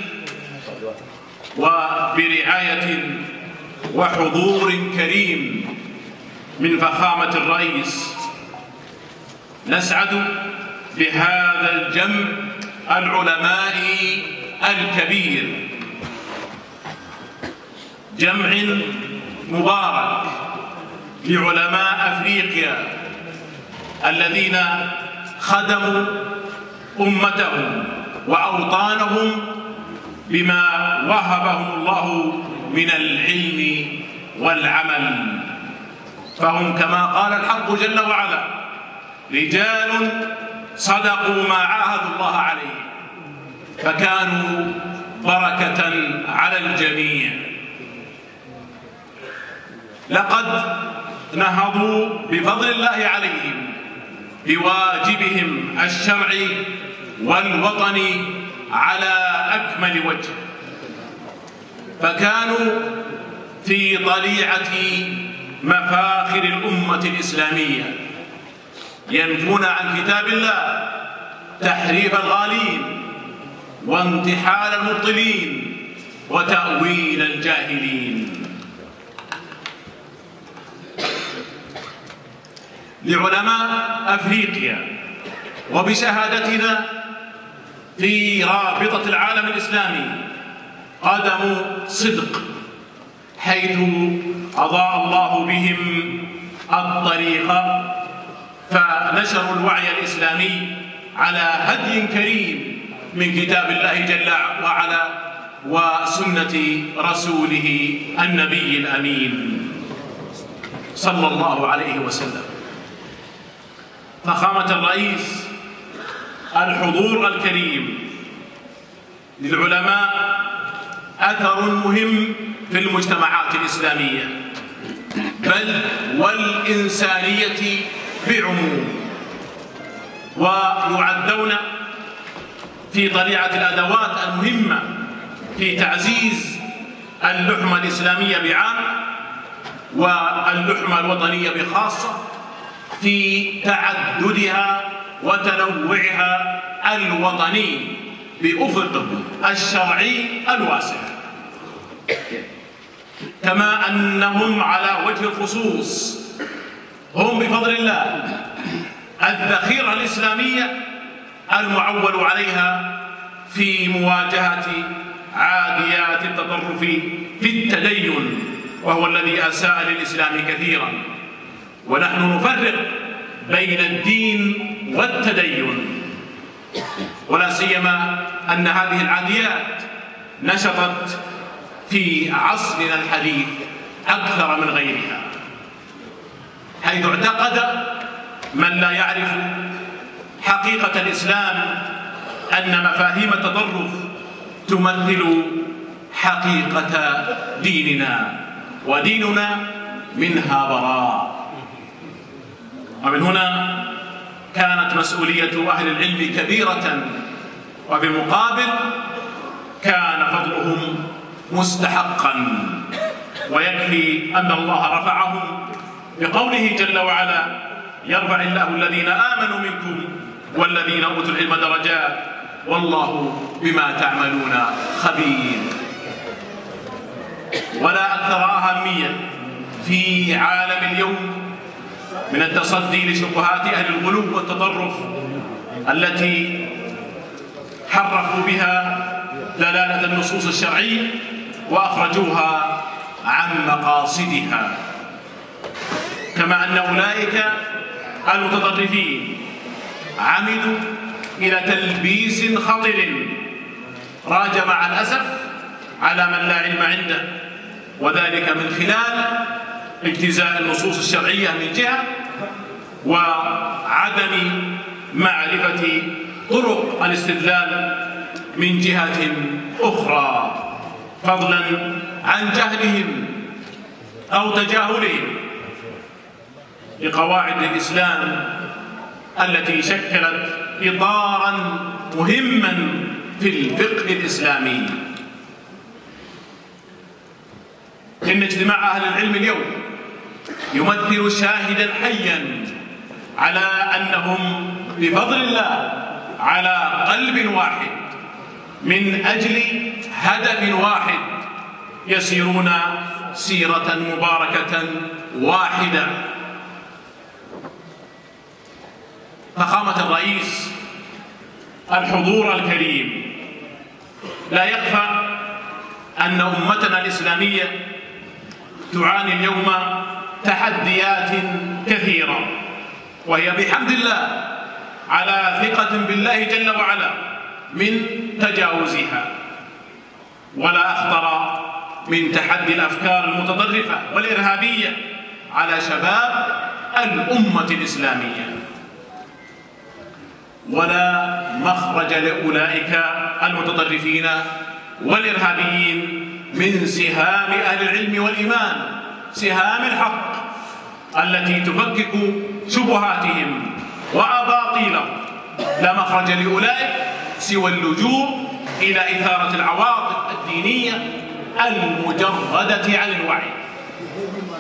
وبرعاية وحضور كريم من فخامة الرئيس نسعد بهذا الجمع العلماء الكبير جمع مبارك لعلماء أفريقيا الذين خدموا أمتهم وأوطانهم بما وهبهم الله من العلم والعمل فهم كما قال الحق جل وعلا رجال صدقوا ما عاهدوا الله عليه فكانوا بركة على الجميع لقد نهضوا بفضل الله عليهم بواجبهم الشرعي والوطني على أكمل وجه فكانوا في طليعة مفاخر الأمة الإسلامية ينفون عن كتاب الله تحريف الغالين وانتحال المبطلين وتأويل الجاهلين لعلماء أفريقيا وبشهادتنا في رابطة العالم الإسلامي قدم صدق حيث أضاء الله بهم الطريق فنشروا الوعي الإسلامي على هدي كريم من كتاب الله جل وعلا وسنة رسوله النبي الأمين صلى الله عليه وسلم فخامة الرئيس الحضور الكريم للعلماء أثر مهم في المجتمعات الإسلامية بل والإنسانية بعموم ويعدون في طليعة الأدوات المهمة في تعزيز اللحمة الإسلامية بعام واللحمة الوطنية بخاصة في تعددها وتنوعها الوطني بأفق الشرعي الواسع كما أنهم على وجه الخصوص هم بفضل الله الذخيرة الإسلامية المعول عليها في مواجهة عاديات التطرف في التدين وهو الذي أساء للإسلام كثيرا ونحن نفرق بين الدين والتدين ولا سيما أن هذه العاديات نشطت في عصرنا الحديث أكثر من غيرها حيث اعتقد من لا يعرف حقيقة الإسلام أن مفاهيم التطرف تمثل حقيقة ديننا وديننا منها براء ومن هنا كانت مسؤولية أهل العلم كبيرة وفي المقابل كان فضلهم مستحقا ويكفي أن الله رفعهم بقوله جل وعلا يرفع الله الذين آمنوا منكم والذين أوتوا العلم درجات والله بما تعملون خبير ولا أكثر أهمية في عالم اليوم من التصدي لشبهات أهل الغلو والتطرف التي حرفوا بها دلالة النصوص الشرعية وأخرجوها عن مقاصدها كما أن أولئك المتطرفين عمدوا إلى تلبيس خطر راج مع الأسف على من لا علم عنده وذلك من خلال اجتزاء النصوص الشرعية من جهة وعدم معرفة طرق الاستدلال من جهة أخرى فضلا عن جهلهم أو تجاهلهم لقواعد الإسلام التي شكلت إطارا مهما في الفقه الإسلامي إن اجتماع أهل العلم اليوم يمثل شاهدا حيا على أنهم بفضل الله على قلب واحد من أجل هدف واحد يسيرون سيرة مباركة واحدة الرئيس الحضور الكريم لا يخفى أن أمتنا الإسلامية تعاني اليوم تحديات كثيرة وهي بحمد الله على ثقة بالله جل وعلا من تجاوزها ولا أخطر من تحدي الأفكار المتطرفة والإرهابية على شباب الأمة الإسلامية ولا مخرج لأولئك المتطرفين والإرهابيين من سهام أهل العلم والإيمان سهام الحق التي تفكك شبهاتهم وأباطيلهم لا مخرج لأولئك سوى اللجوء إلى إثارة العواطف الدينية المجردة عن الوعي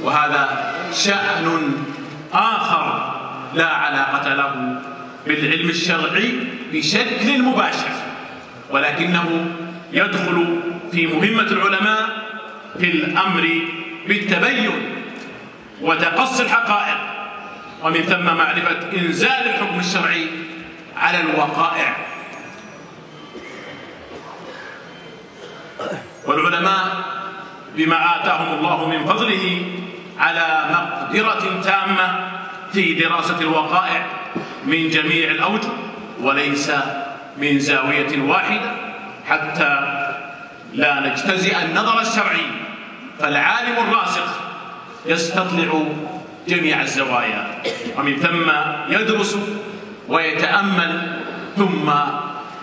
وهذا شأن آخر لا علاقة له بالعلم الشرعي بشكل مباشر ولكنه يدخل في مهمة العلماء في الأمر بالتبين وتقصي الحقائق ومن ثم معرفة إنزال الحكم الشرعي على الوقائع والعلماء بما آتاهم الله من فضله على مقدرة تامة في دراسة الوقائع من جميع الأوجه وليس من زاوية واحدة حتى لا نجتزئ النظر الشرعي فالعالم الراسخ يستطلع جميع الزوايا ومن ثم يدرس ويتأمل ثم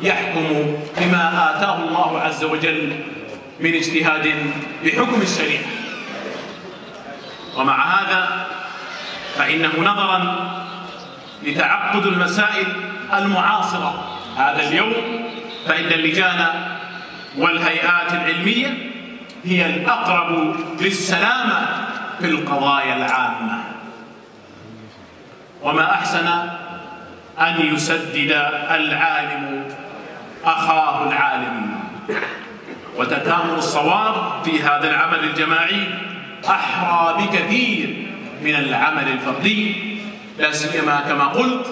يحكم بما آتاه الله عز وجل من اجتهاد بحكم الشريعة ومع هذا فإنه نظرا لتعقد المسائل المعاصرة هذا اليوم فإن اللجان والهيئات العلمية هي الأقرب للسلامة في القضايا العامة وما أحسن أن يسدد العالم أخاه العالم وتكامل الصواب في هذا العمل الجماعي أحرى بكثير من العمل الفردي لا سيما كما قلت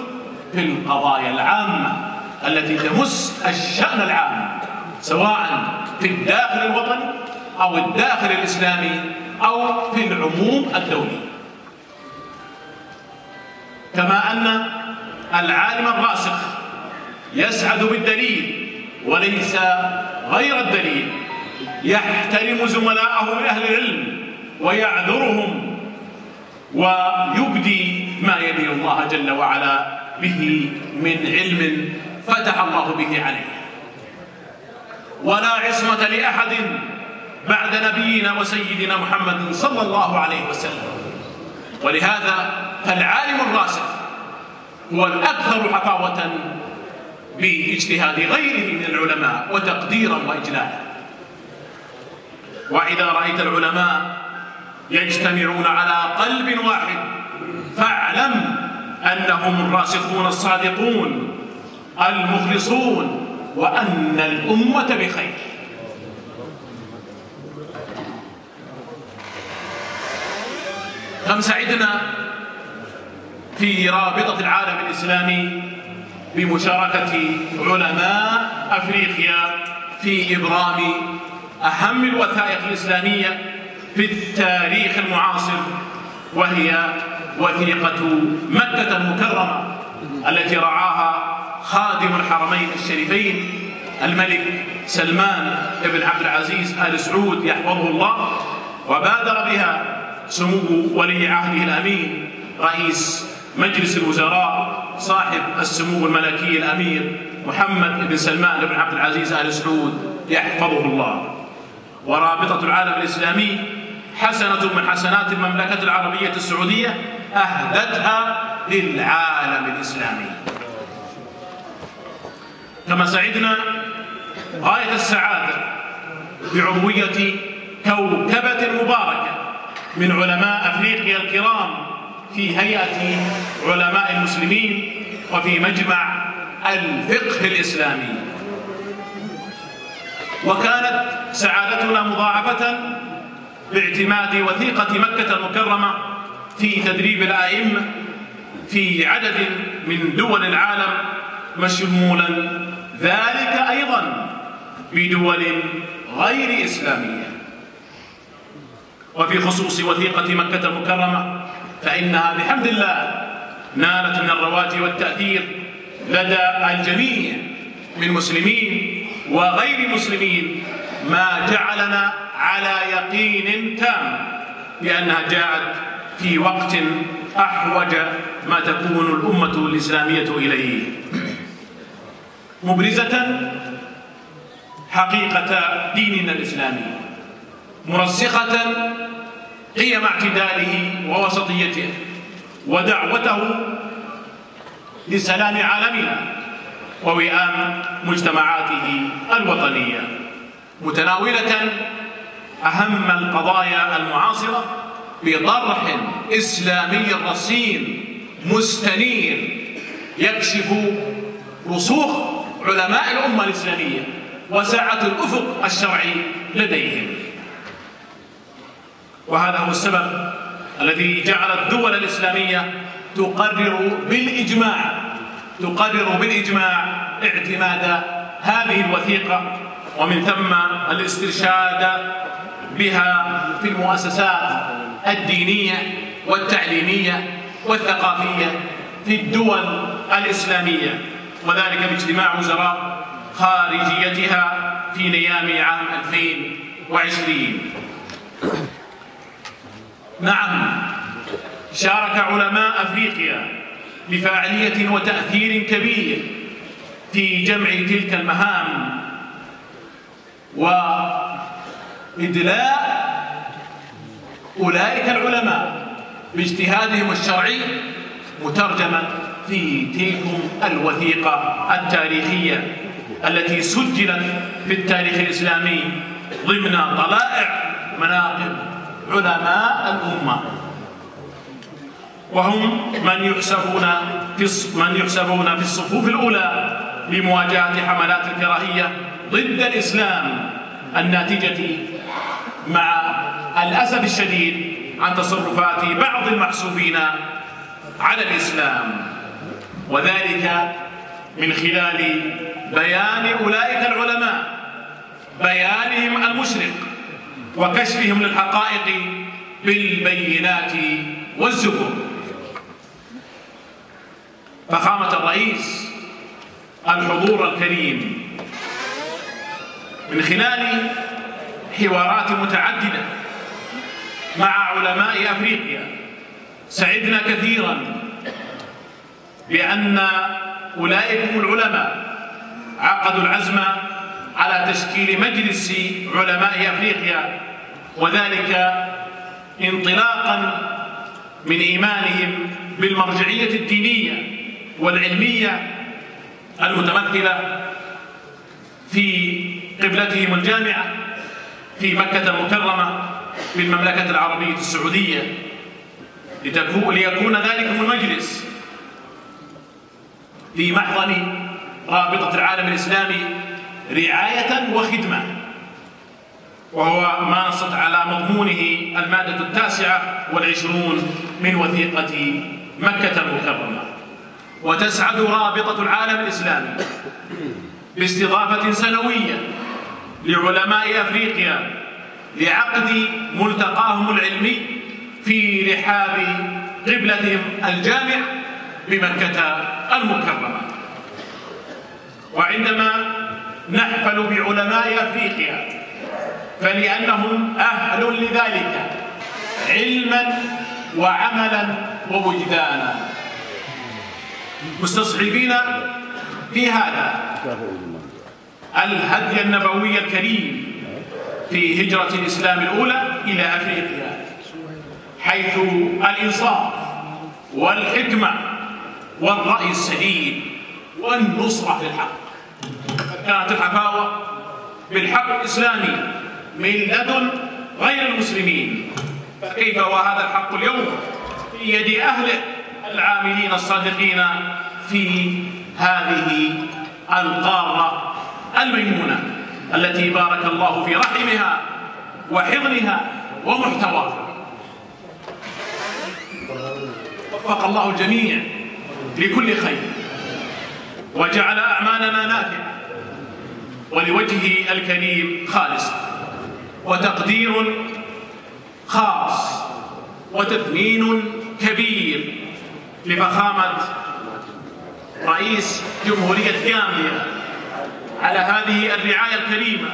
في القضايا العامة التي تمس الشأن العام سواء في الداخل الوطني أو الداخل الإسلامي أو في العموم الدولي كما أن العالم الراسخ يسعد بالدليل وليس غير الدليل يحترم زملائه من أهل العلم ويعذرهم ويبدي ما يلي الله جل وعلا به من علم فتح الله به عليه ولا عصمة لأحد بعد نبينا وسيدنا محمد صلى الله عليه وسلم ولهذا فالعالم الراسخ هو الأكثر حفاوة باجتهاد غيره من العلماء وتقديرا وإجلالا وإذا رأيت العلماء يجتمعون على قلب واحد فاعلم أنهم الراسخون الصادقون المخلصون وأن الأمة بخير كم سعدنا في رابطة العالم الإسلامي بمشاركة علماء أفريقيا في إبرام أهم الوثائق الإسلامية في التاريخ المعاصر وهي وثيقة مكة المكرمة التي رعاها خادم الحرمين الشريفين الملك سلمان بن عبد العزيز آل سعود يحفظه الله وبادر بها سمو ولي عهده الأمين رئيس مجلس الوزراء صاحب السمو الملكي الأمير محمد بن سلمان بن عبد العزيز آل سعود يحفظه الله ورابطة العالم الإسلامي حسنة من حسنات المملكة العربية السعودية أهدتها للعالم الإسلامي كما سعدنا غاية السعادة بعضوية كوكبة مباركة من علماء أفريقيا الكرام في هيئة علماء المسلمين وفي مجمع الفقه الإسلامي وكانت سعادتنا مضاعفة باعتماد وثيقة مكة المكرمة في تدريب الأئمة في عدد من دول العالم مشمولا ذلك أيضا بدول غير إسلامية وفي خصوص وثيقة مكة المكرمة فإنها بحمد الله نالت من الرواج والتأثير لدى الجميع من مسلمين وغير مسلمين ما جعلنا على يقين تام بأنها جاءت في وقت أحوج ما تكون الأمة الإسلامية إليه مبرزة حقيقة ديننا الإسلامي مرسخة قيم اعتداله ووسطيته ودعوته لسلام عالمنا ووئام مجتمعاته الوطنيه متناولة أهم القضايا المعاصرة بطرح إسلامي رصين مستنير يكشف رسوخ علماء الأمة الإسلامية وسعة الأفق الشرعي لديهم وهذا هو السبب الذي جعل الدول الإسلامية تقرر بالإجماع تقرر بالإجماع اعتماد هذه الوثيقة ومن ثم الاسترشاد بها في المؤسسات الدينية والتعليمية والثقافية في الدول الإسلامية وذلك باجتماع وزراء خارجيتها في نيام عام 2020 نعم شارك علماء أفريقيا بفاعلية وتأثير كبير في جمع تلك المهام وإدلاء أولئك العلماء باجتهادهم الشرعي مترجما في تلك الوثيقة التاريخية التي سجلت في التاريخ الإسلامي ضمن طلائع مناقب علماء الأمة وهم من يحسبون في من يحسبون في الصفوف الأولى لمواجهة حملات الكراهية ضد الإسلام الناتجة مع الأسف الشديد عن تصرفات بعض المحسوبين على الإسلام وذلك من خلال بيان أولئك العلماء بيانهم المشرق وكشفهم للحقائق بالبينات والزبر فخامة الرئيس الحضور الكريم من خلال حوارات متعددة مع علماء أفريقيا سعدنا كثيرا بأن أولئك العلماء عقدوا العزم على تشكيل مجلس علماء أفريقيا وذلك انطلاقا من إيمانهم بالمرجعية الدينية والعلمية المتمثلة في قبلتهم الجامعة في مكة المكرمة بالمملكة العربية السعودية ليكون ذلكم المجلس في محضن رابطة العالم الإسلامي رعاية وخدمة وهو ما نصت على مضمونه المادة التاسعة والعشرون من وثيقة مكة المكرمة وتسعد رابطة العالم الإسلامي باستضافة سنوية لعلماء أفريقيا لعقد ملتقاهم العلمي في رحاب قبلتهم الجامع بمكة المكرمة وعندما نحفل بعلماء أفريقيا فلأنهم أهل لذلك علما وعملا ووجدانا مستصحبين في هذا الهدي النبوي الكريم في هجرة الإسلام الأولى إلى أفريقيا حيث الإنصاف والحكمة والرأي السديد والنصرة للحق كانت الحفاوة بالحق الإسلامي من لدن غير المسلمين فكيف وهذا الحق اليوم في يد أهله العاملين الصادقين في هذه القارة الميمونة التي بارك الله في رحمها وحضنها ومحتواها وفق الله الجميع لكل خير وجعل أعمالنا نافعة ولوجهه الكريم خالصة وتقدير خاص وتثمين كبير لفخامة رئيس جمهورية غامبيا على هذه الرعاية الكريمة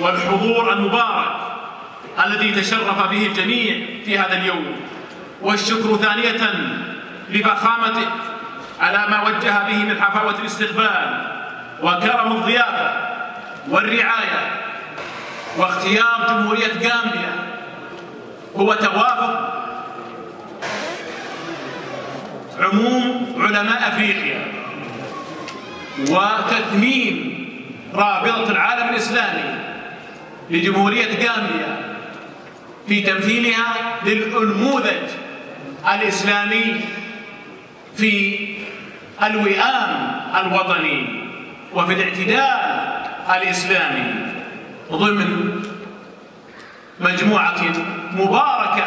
والحضور المبارك الذي تشرف به الجميع في هذا اليوم والشكر ثانية لفخامتك على ما وجه به من حفاوة الاستقبال وكرم الضيافة والرعاية واختيار جمهورية غامبيا هو توافق عموم علماء أفريقيا وتثمين رابطة العالم الإسلامي لجمهورية غامبيا في تمثيلها للأنموذج الإسلامي في الوئام الوطني وفي الاعتدال الإسلامي ضمن مجموعة مباركة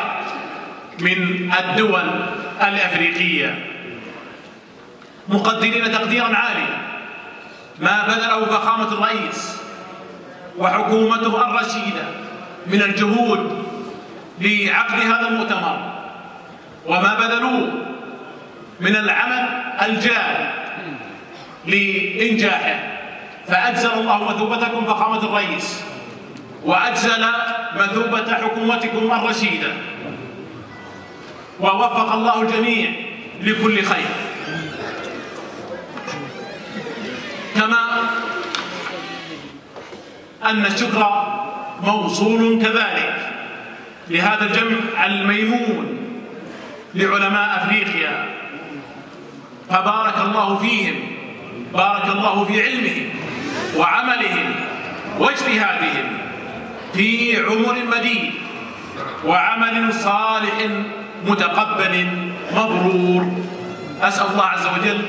من الدول الأفريقية مقدرين تقديرا عاليا ما بذله فخامة الرئيس وحكومته الرشيدة من الجهود لعقد هذا المؤتمر وما بذلوه من العمل الجاد لإنجاحه فأجزل الله مثوبتكم فخامة الرئيس وأجزل مثوبة حكومتكم الرشيدة ووفق الله الجميع لكل خير كما أن الشكر موصول كذلك لهذا الجمع الميمون لعلماء أفريقيا فبارك الله فيهم بارك الله في علمهم وعملهم واجتهادهم في عمر مديد وعمل صالح متقبل مبرور أسأل الله عز وجل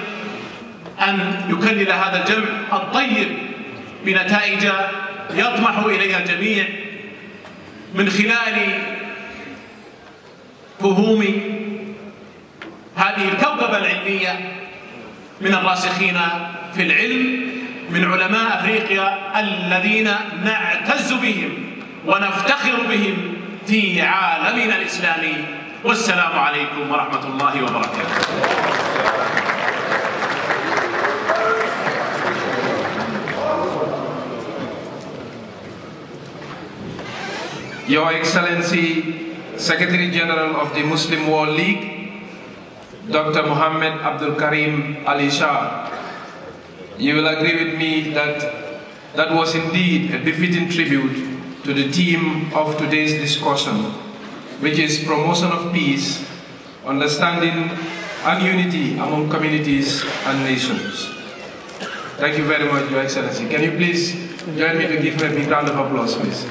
أن يكلل هذا الجمع الطيب بنتائج يطمح إليها الجميع من خلال فهوم هذه الكوكبة العلمية من الراسخين في العلم من علماء أفريقيا الذين نعتز بهم ونفتخر بهم في عالمنا الإسلامي والسلام عليكم ورحمة الله وبركاته Your Excellency, Secretary General of the Muslim World League, Dr. Mohammed Abdul Karim Ali Shah, you will agree with me that that was indeed a befitting tribute to the theme of today's discussion, which is promotion of peace, understanding and unity among communities and nations. Thank you very much, Your Excellency. Can you please join me to give a big round of applause, please?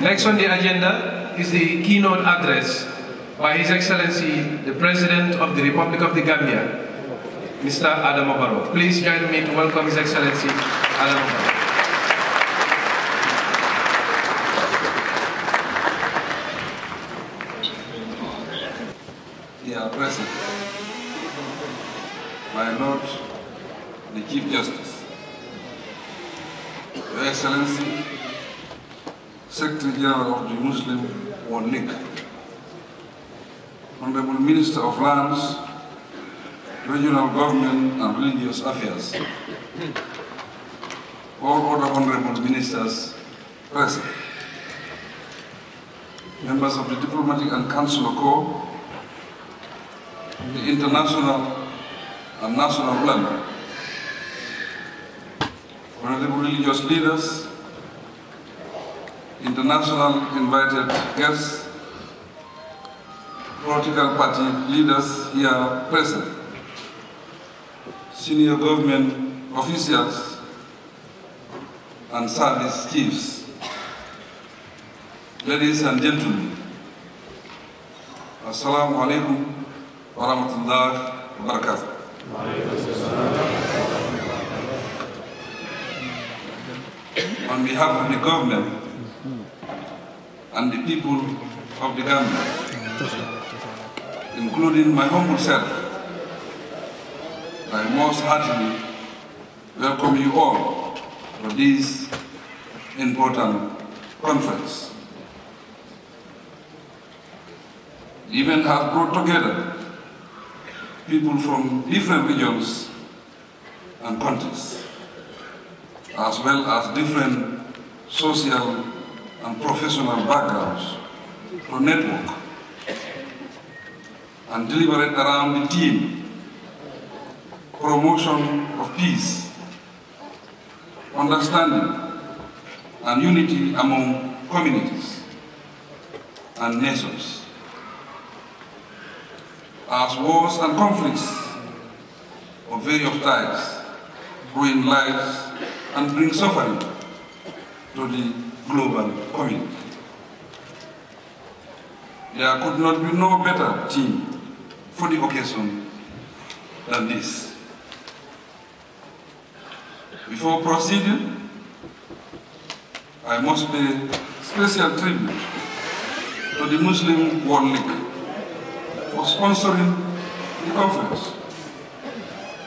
Next on the agenda is the keynote address by His Excellency, the President of the Republic of the Gambia, Mr. Adam Obaro. Please join me to welcome His Excellency, Adam Obaro. Dear President, my Lord, the Chief Justice, Your Excellency, Secretary-General of the Muslim World League, Honorable Minister of Lands, Regional Government and Religious Affairs, all other Honorable Ministers present, members of the Diplomatic and Consular Corps, the International and National Level, Honorable Religious Leaders, international invited guests, political party leaders here present, senior government officials, and service chiefs. Ladies and gentlemen, Assalamu alaikum wa rahmatullahi wa barakatuh. On behalf of the government, and the people of the Gambia, including my humble self. I most heartily welcome you all to this important conference. The event has brought together people from different regions and countries, as well as different social and professional backgrounds to network and deliberate around the team, promotion of peace, understanding and unity among communities and nations. As wars and conflicts of various types ruin lives and bring suffering to the global oil. There could not be no better team for the occasion than this. Before proceeding, I must pay special tribute to the Muslim World League for sponsoring the conference.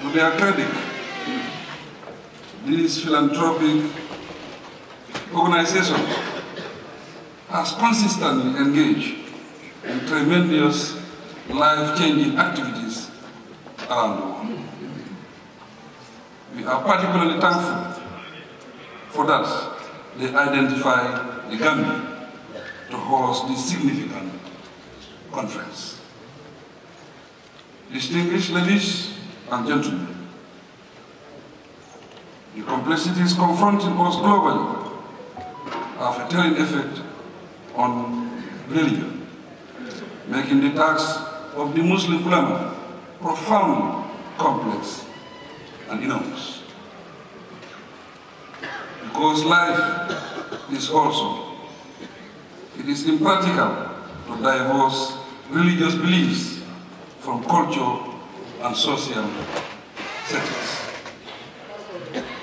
To their credit, these philanthropic organization has consistently engaged in tremendous life-changing activities around the world. We are particularly thankful for that they identify the Gambia to host this significant conference. Distinguished ladies and gentlemen, the complexities confronting us globally a deterrent effect on religion, making the task of the Muslim ulama profound, complex and enormous. Because life is also, it is impractical to divorce religious beliefs from culture and social settings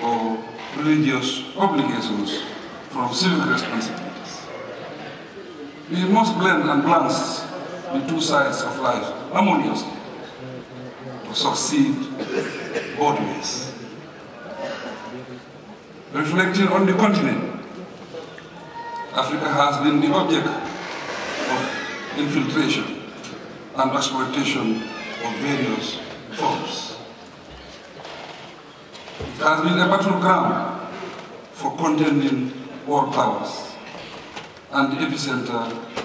or religious obligations from civic responsibilities. We must blend and balance the two sides of life harmoniously to succeed both ways. Reflecting on the continent, Africa has been the object of infiltration and exploitation of various forms. It has been a battleground for contending war powers and the epicenter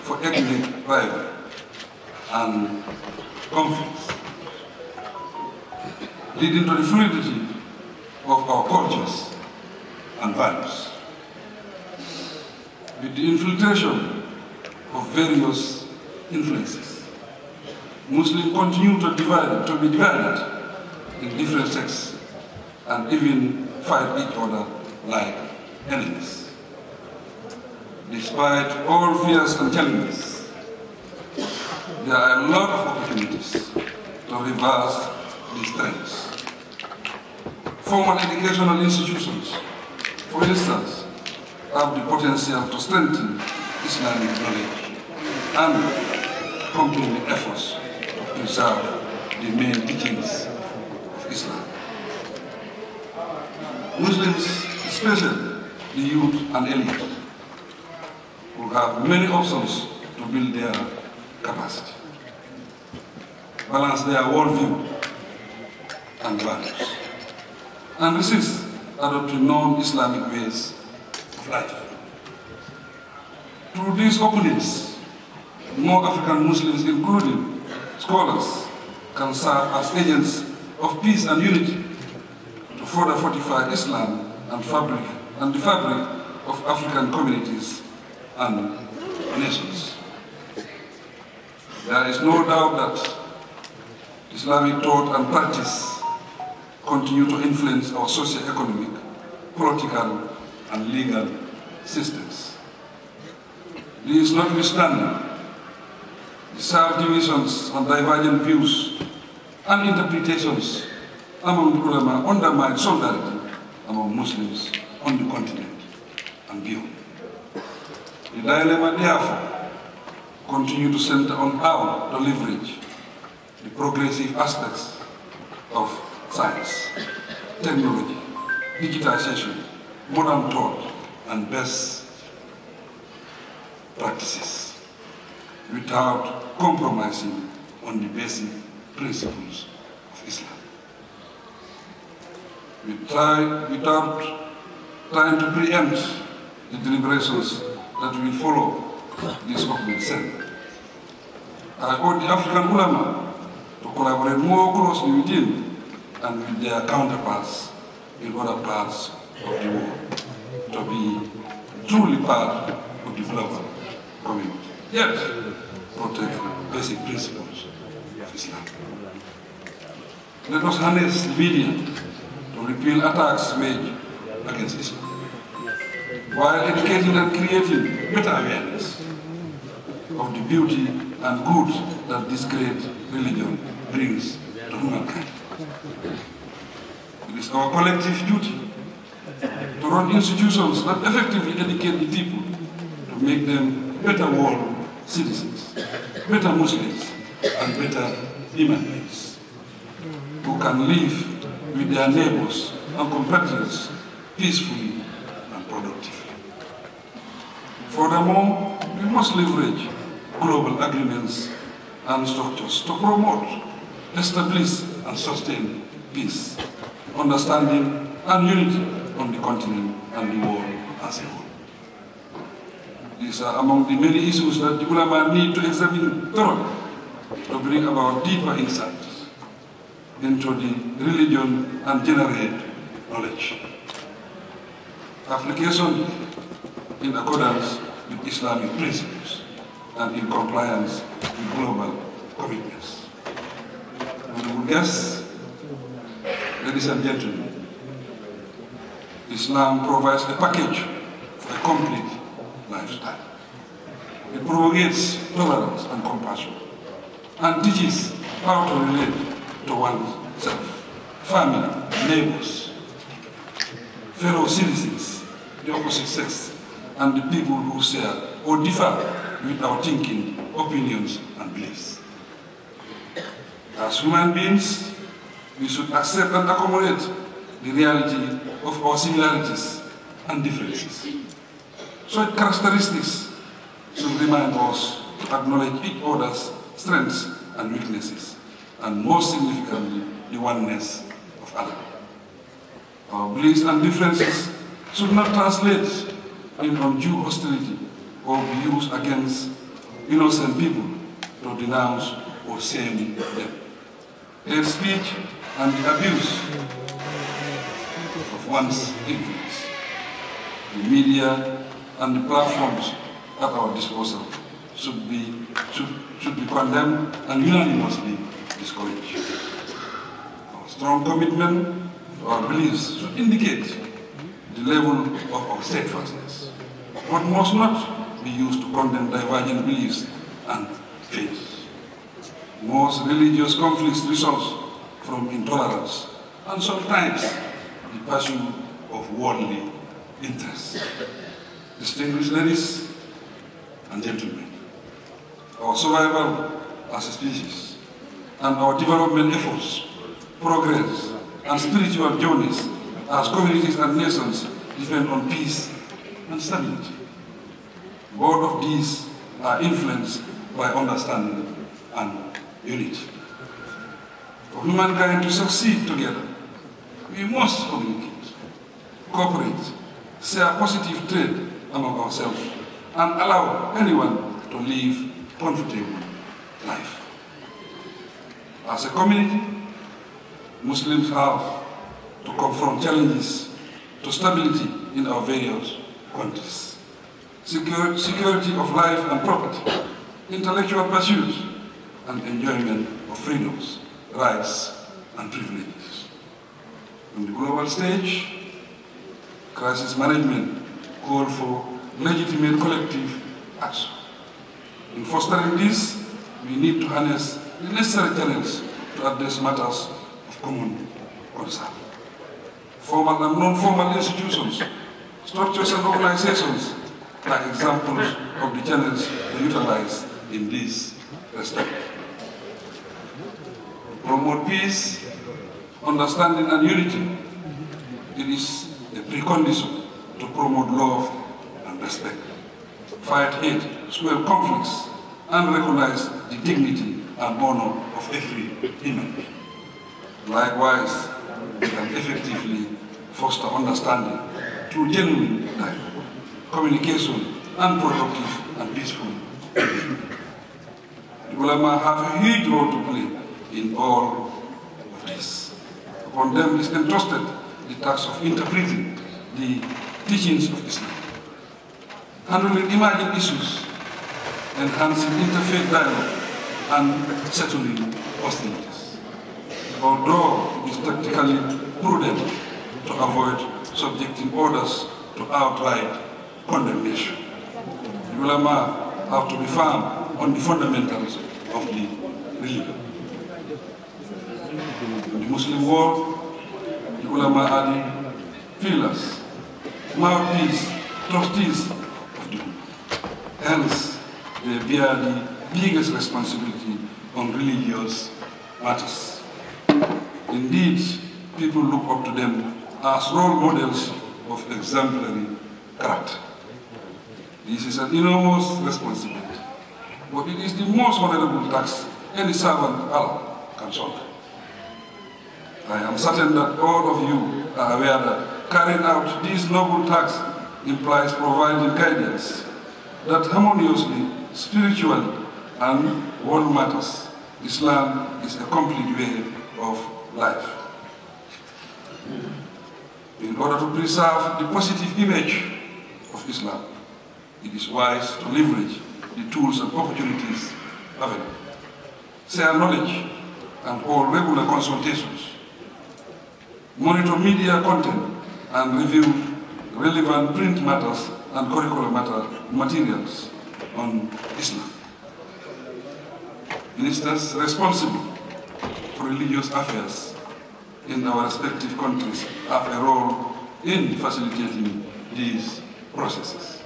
for ethnic rivalry and conflicts, leading to the fluidity of our cultures and values. With the infiltration of various influences, Muslims continue to, divide, to be divided in different sects and even fight each other like enemies despite all fears and challenges. There are a lot of opportunities to reverse these trends. Formal educational institutions, for instance, have the potential to strengthen Islamic knowledge and the efforts to preserve the main teachings of Islam. Muslims, especially the youth and elite, will have many options to build their capacity, balance their worldview and values, and resist adopting non-Islamic ways of life. Through these openings, more African Muslims, including scholars, can serve as agents of peace and unity to further fortify Islam and fabric and the fabric of African communities and nations. There is no doubt that Islamic thought and practice continue to influence our socio-economic, political, and legal systems. These notwithstanding, the sharp divisions and divergent views and interpretations among the ulama undermine solidarity among Muslims on the continent and beyond. The dilemma, therefore, continue to center on how to leverage the progressive aspects of science, technology, digitization, modern thought, and best practices without compromising on the basic principles of Islam. We try, without trying to preempt the deliberations that will follow this Ahmed said. I urge the African ulama to collaborate more closely with him and with their counterparts in other parts of the world to be truly part of the global community. Yes, protect basic principles of Islam. Let us harness the media to repel attacks made against Islam while educating and creating better awareness of the beauty and good that this great religion brings to humankind. It is our collective duty to run institutions that effectively educate the people to make them better world citizens, better Muslims, and better human beings who can live with their neighbors and competitors peacefully and productively. Furthermore, we must leverage global agreements and structures to promote, establish, and sustain peace, understanding, and unity on the continent and the world as a whole. These are among the many issues that the ulama need to examine thoroughly to bring about deeper insights into the religion and generate knowledge. Application in accordance with Islamic principles and in compliance with global commitments. Honorable guests, ladies and gentlemen, Islam provides a package for a complete lifestyle. It propagates tolerance and compassion and teaches how to relate to oneself, family, neighbors, fellow citizens, the opposite sex, and the people who share or differ with our thinking, opinions, and beliefs. As human beings, we should accept and accommodate the reality of our similarities and differences. Such characteristics should remind us to acknowledge each other's strengths and weaknesses, and most significantly, the oneness of Allah. Our beliefs and differences should not translate in undue hostility or abuse against innocent people to denounce or shame them. Hate speech and the abuse of one's influence, the media and the platforms at our disposal should be, should, should be condemned and unanimously discouraged. Our strong commitment to our beliefs should indicate the level of our steadfastness, but must not be used to condemn divergent beliefs and faiths. Most religious conflicts result from intolerance and sometimes the pursuit of worldly interests. Distinguished ladies and gentlemen, our survival as a species and our development efforts, progress, and spiritual journeys as communities and nations depend on peace and stability. all of these are influenced by understanding and unity. For humankind to succeed together, we must communicate, cooperate, share positive trade among ourselves, and allow anyone to live a comfortable life. As a community, Muslims have to confront challenges to stability in our various countries. Secure, security of life and property, intellectual pursuits, and enjoyment of freedoms, rights, and privileges. On the global stage, crisis management call for legitimate collective action. In fostering this, we need to harness the necessary talents to address matters of common concern formal and non-formal institutions, structures and organizations are examples of the channels utilized in this respect. To promote peace, understanding and unity, it is a precondition to promote love and respect. Fight hate, swell conflicts, and recognize the dignity and honor of every human Likewise, we can effectively foster understanding through genuine dialogue, communication, and productive and peaceful The ulama have a huge role to play in all of this. Upon them is entrusted the task of interpreting the teachings of Islam, handling emerging issues, enhancing interfaith dialogue, and settling hostilities. Although it is tactically prudent to avoid subjecting others to outright condemnation. The ulama have to be firm on the fundamentals of the religion. In the Muslim world, the ulama are the pillars, mouthpiece, trustees of the Hence, they bear the biggest responsibility on religious matters. Indeed, people look up to them as role models of exemplary character. This is an enormous responsibility, but it is the most honorable task any servant Allah can shoulder. I am certain that all of you are aware that carrying out this noble tax implies providing guidance that harmoniously, spiritually, and world matters, Islam is a complete way of life in order to preserve the positive image of Islam, it is wise to leverage the tools and opportunities available. Share knowledge and hold regular consultations. Monitor media content and review relevant print matters and curricular matter, materials on Islam. Ministers responsible for religious affairs in our respective countries have a role in facilitating these processes.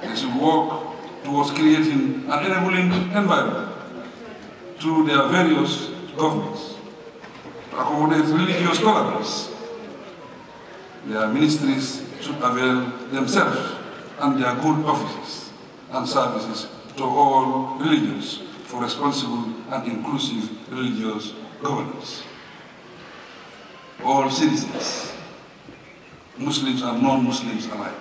They should work towards creating an enabling environment through their various governments to accommodate religious tolerance. Their ministries should avail themselves and their good offices and services to all religions for responsible and inclusive religious governance all citizens, Muslims and non-Muslims alike,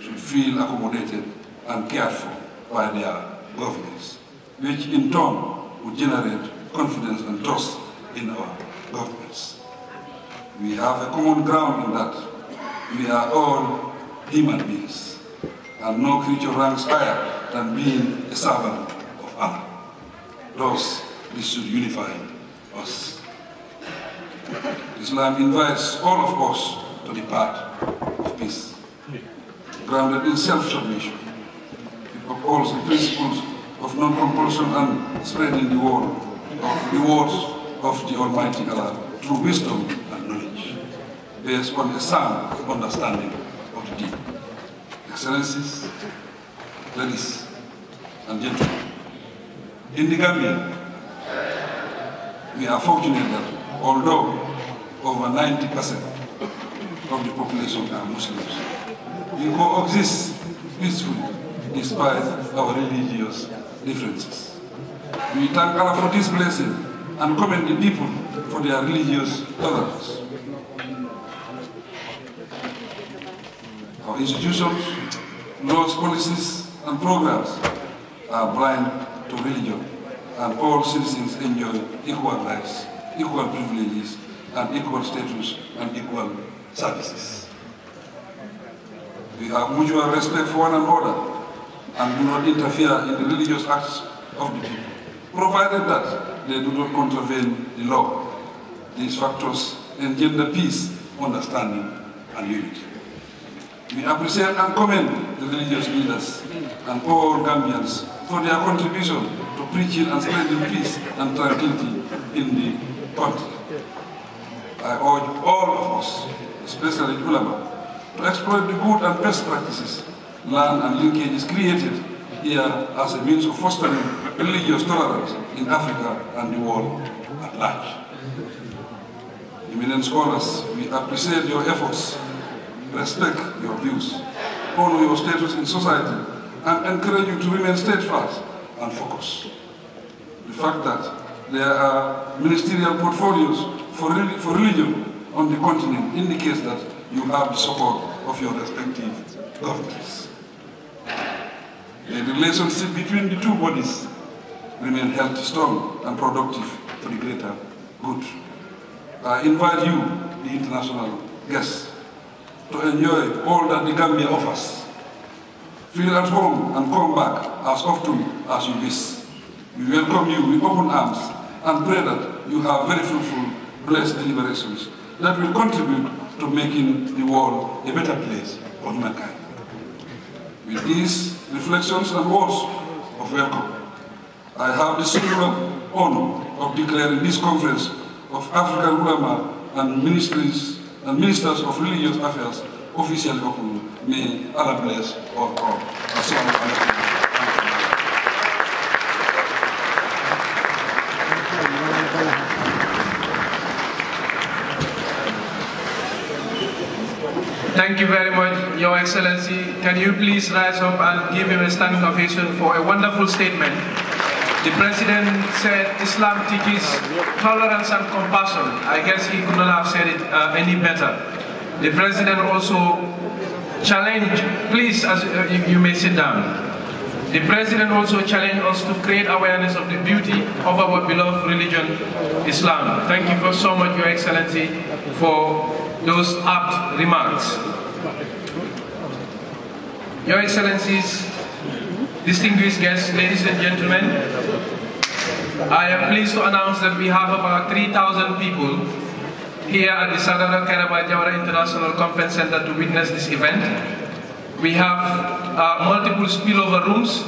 should feel accommodated and cared for by their governments, which in turn would generate confidence and trust in our governments. We have a common ground in that we are all human beings, and no creature ranks higher than being a servant of Allah. Thus, this should unify us. Islam invites all of us to the path of peace, grounded in self-submission. It upholds the principles of non-compulsion and spreading the word of the words of the Almighty Allah through wisdom and knowledge, based on a sound understanding of the deep. Excellencies, ladies and gentlemen, in the Gambia, we are fortunate that although over 90% of the population are Muslims. We coexist peacefully despite our religious differences. We thank Allah for this blessing and commend the people for their religious tolerance. Our institutions, laws, policies, and programs are blind to religion, and all citizens enjoy equal rights, equal privileges, and equal status and equal services. We have mutual respect for one another and do not interfere in the religious acts of the people, provided that they do not contravene the law. These factors engender peace, understanding, and unity. We appreciate and commend the religious leaders and all Gambians for their contribution to preaching and spreading peace and tranquility in the country. I urge all of us, especially ulama, to exploit the good and best practices, land and linkages created here as a means of fostering religious tolerance in Africa and the world at large. Eminent scholars, we appreciate your efforts, respect your views, honor your status in society, and encourage you to remain steadfast and focused. The fact that there are ministerial portfolios for, for religion on the continent indicates that you have the support of your respective governments. The relationship between the two bodies remain healthy, strong, and productive for the greater good. I invite you, the international guests, to enjoy all that the Gambia offers. Feel at home and come back as often as you wish. We welcome you with open arms and pray that you have very fruitful, blessed deliberations that will contribute to making the world a better place for humankind. With these reflections and words of welcome, I have the singular honor of declaring this conference of African ulama and ministries and ministers of religious affairs officially open. May Allah bless all. Thank you very much, Your Excellency. Can you please rise up and give him a standing ovation for a wonderful statement? The President said Islam teaches tolerance and compassion. I guess he could not have said it uh, any better. The President also challenged, please, as uh, you, you may sit down. The President also challenged us to create awareness of the beauty of our beloved religion, Islam. Thank you for so much, Your Excellency, for those apt remarks. Your Excellencies, distinguished guests, ladies and gentlemen, I am pleased to announce that we have about 3,000 people here at the Sadara Karabajawara International Conference Center to witness this event. We have uh, multiple spillover rooms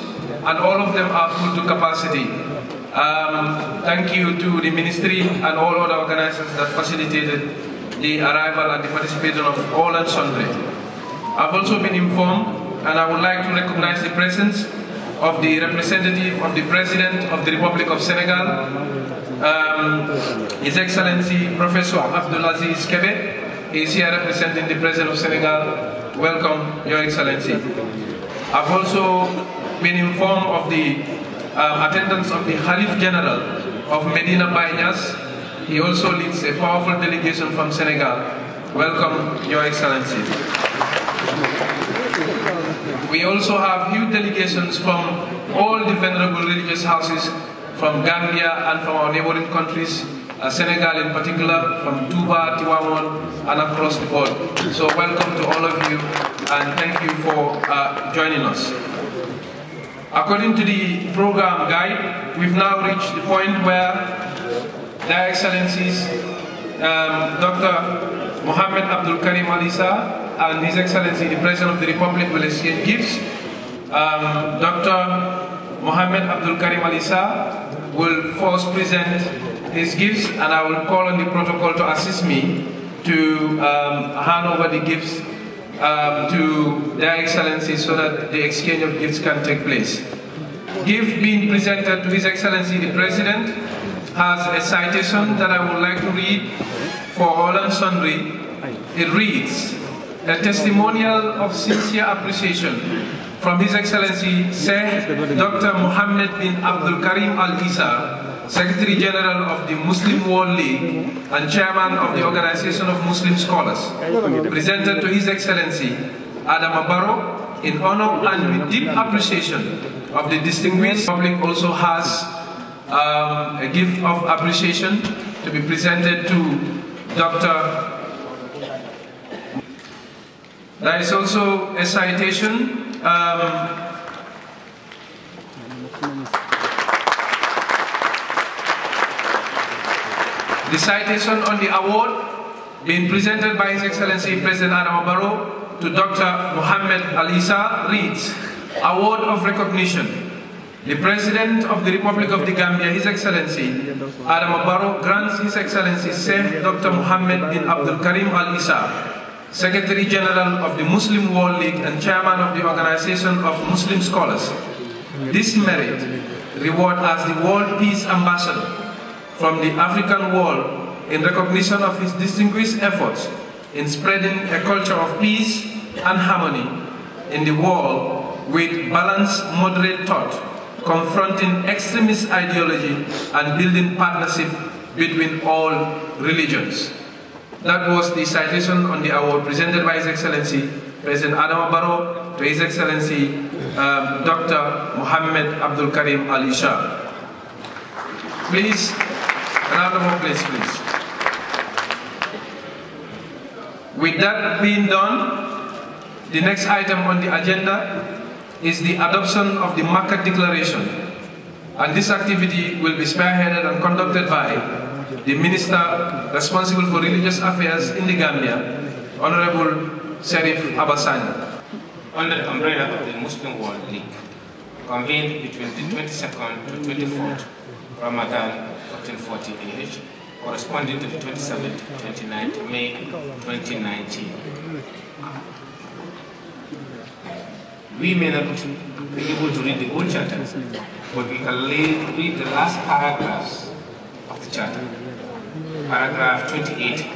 and all of them are full to capacity. Um, thank you to the ministry and all other organizers that facilitated the arrival and the participation of all and sundry. I've also been informed and I would like to recognize the presence of the representative of the President of the Republic of Senegal, um, His Excellency Professor Abdulaziz Kebe, is here representing the President of Senegal. Welcome, Your Excellency. I've also been informed of the uh, attendance of the Khalif General of Medina Bainas. He also leads a powerful delegation from Senegal. Welcome, Your Excellency. We also have huge delegations from all the venerable religious houses from Gambia and from our neighboring countries, uh, Senegal in particular, from Tuba, Tiwamon, and across the board. So welcome to all of you, and thank you for uh, joining us. According to the program guide, we've now reached the point where Their Excellencies um, Dr. Mohammed Abdul Karim Alisa and His Excellency the President of the Republic Malaysian gives, um, Dr. Mohammed Abdul Karim Alisa will first present his gifts and I will call on the protocol to assist me to um, hand over the gifts um, to their Excellency so that the exchange of gifts can take place. Gift being presented to His Excellency the President has a citation that I would like to read for all and sundry. It reads, a testimonial of sincere appreciation from His Excellency Sheikh Dr. Mohammed bin Abdul Karim Al Isa, Secretary General of the Muslim World League and Chairman of the Organization of Muslim Scholars, presented to His Excellency Adam Abaro in honor and with deep appreciation of the distinguished public also has um, a gift of appreciation to be presented to Dr. There is also a citation um, The citation on the award being presented by His Excellency President Adam Barrow to Dr. Mohamed Alisa reads, Award of Recognition. The President of the Republic of the Gambia, His Excellency Adam Barrow grants His Excellency Sir Dr. Mohamed bin Abdul Karim Al Isa Secretary General of the Muslim World League and Chairman of the Organization of Muslim Scholars. This merit reward as the World Peace Ambassador from the African world in recognition of his distinguished efforts in spreading a culture of peace and harmony in the world with balanced, moderate thought, confronting extremist ideology and building partnership between all religions. That was the citation on the award presented by His Excellency President Adam Barrow to His Excellency um, Dr. Mohammed Abdul Karim Alisha. Please, another one, please, please. With that being done, the next item on the agenda is the adoption of the market declaration. And this activity will be spearheaded and conducted by the minister responsible for religious affairs in the Gambia, Honorable Serif Abassan. Under the umbrella of the Muslim World League, convened between the 22nd to 24th Ramadan 1440 AH, corresponding to the 27th to 29th May 2019. We may not be able to read the whole chapter, but we can read the last paragraphs the Charter. Paragraph 28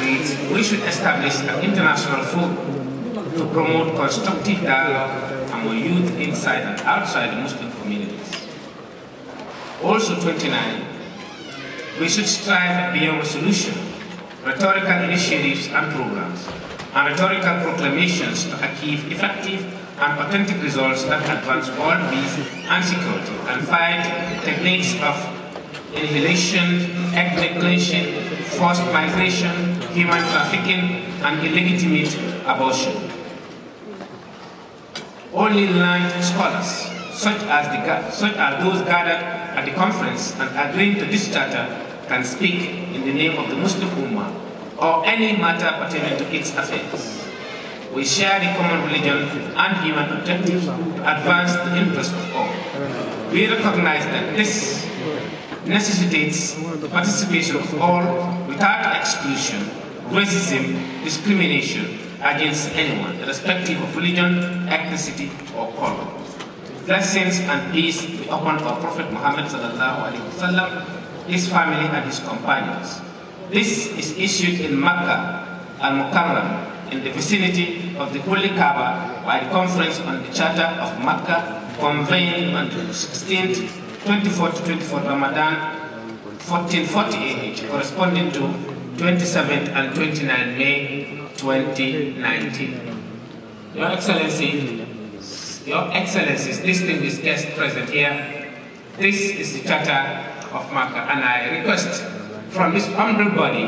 reads, we should establish an international forum to promote constructive dialogue among youth inside and outside the Muslim communities. Also 29, we should strive beyond solution, rhetorical initiatives and programs, and rhetorical proclamations to achieve effective and authentic results that advance all peace and security and fight techniques of inhalation, ethnicization, forced migration, human trafficking, and illegitimate abortion. Only learned scholars, such as, the, such as those gathered at the conference and agreeing to this charter, can speak in the name of the Muslim Ummah or any matter pertaining to its affairs. We share the common religion and human objectives to advance the interests of all. We recognize that this necessitates the participation of all without exclusion, racism, discrimination against anyone, irrespective of religion, ethnicity, or color. Blessings and peace be upon our Prophet Muhammad sallallahu alaihi wasallam, his family and his companions. This is issued in Makkah and Mukarram in the vicinity of the Holy Kaaba by the Conference on the Charter of Makkah convened on the 16th 24 to 24 Ramadan 1440 AH, corresponding to 27th and 29 May 2019. Your Excellency, Your Excellencies, distinguished guests present here, this is the Charter of Maka, and I request from this humble body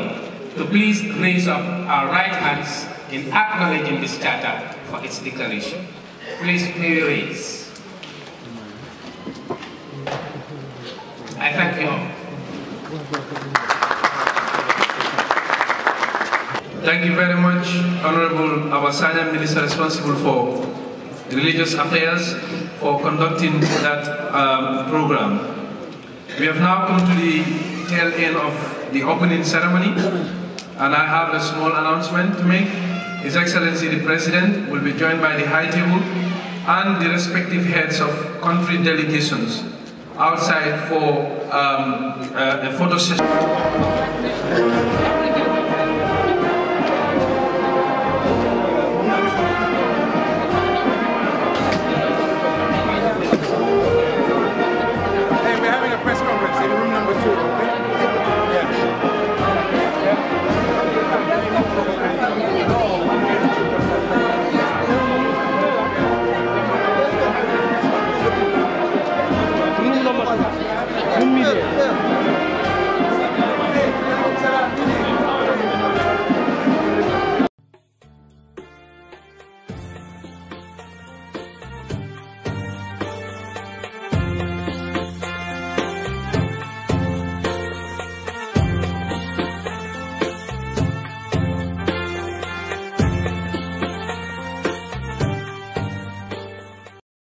to please raise up our right hands in acknowledging this Charter for its declaration. Please, please raise. I thank you all. Thank you very much, Honorable Abasanya, Minister responsible for religious affairs, for conducting that um, program. We have now come to the tail end of the opening ceremony, and I have a small announcement to make. His Excellency the President will be joined by the High Table and the respective heads of country delegations outside for um, uh, a photo session.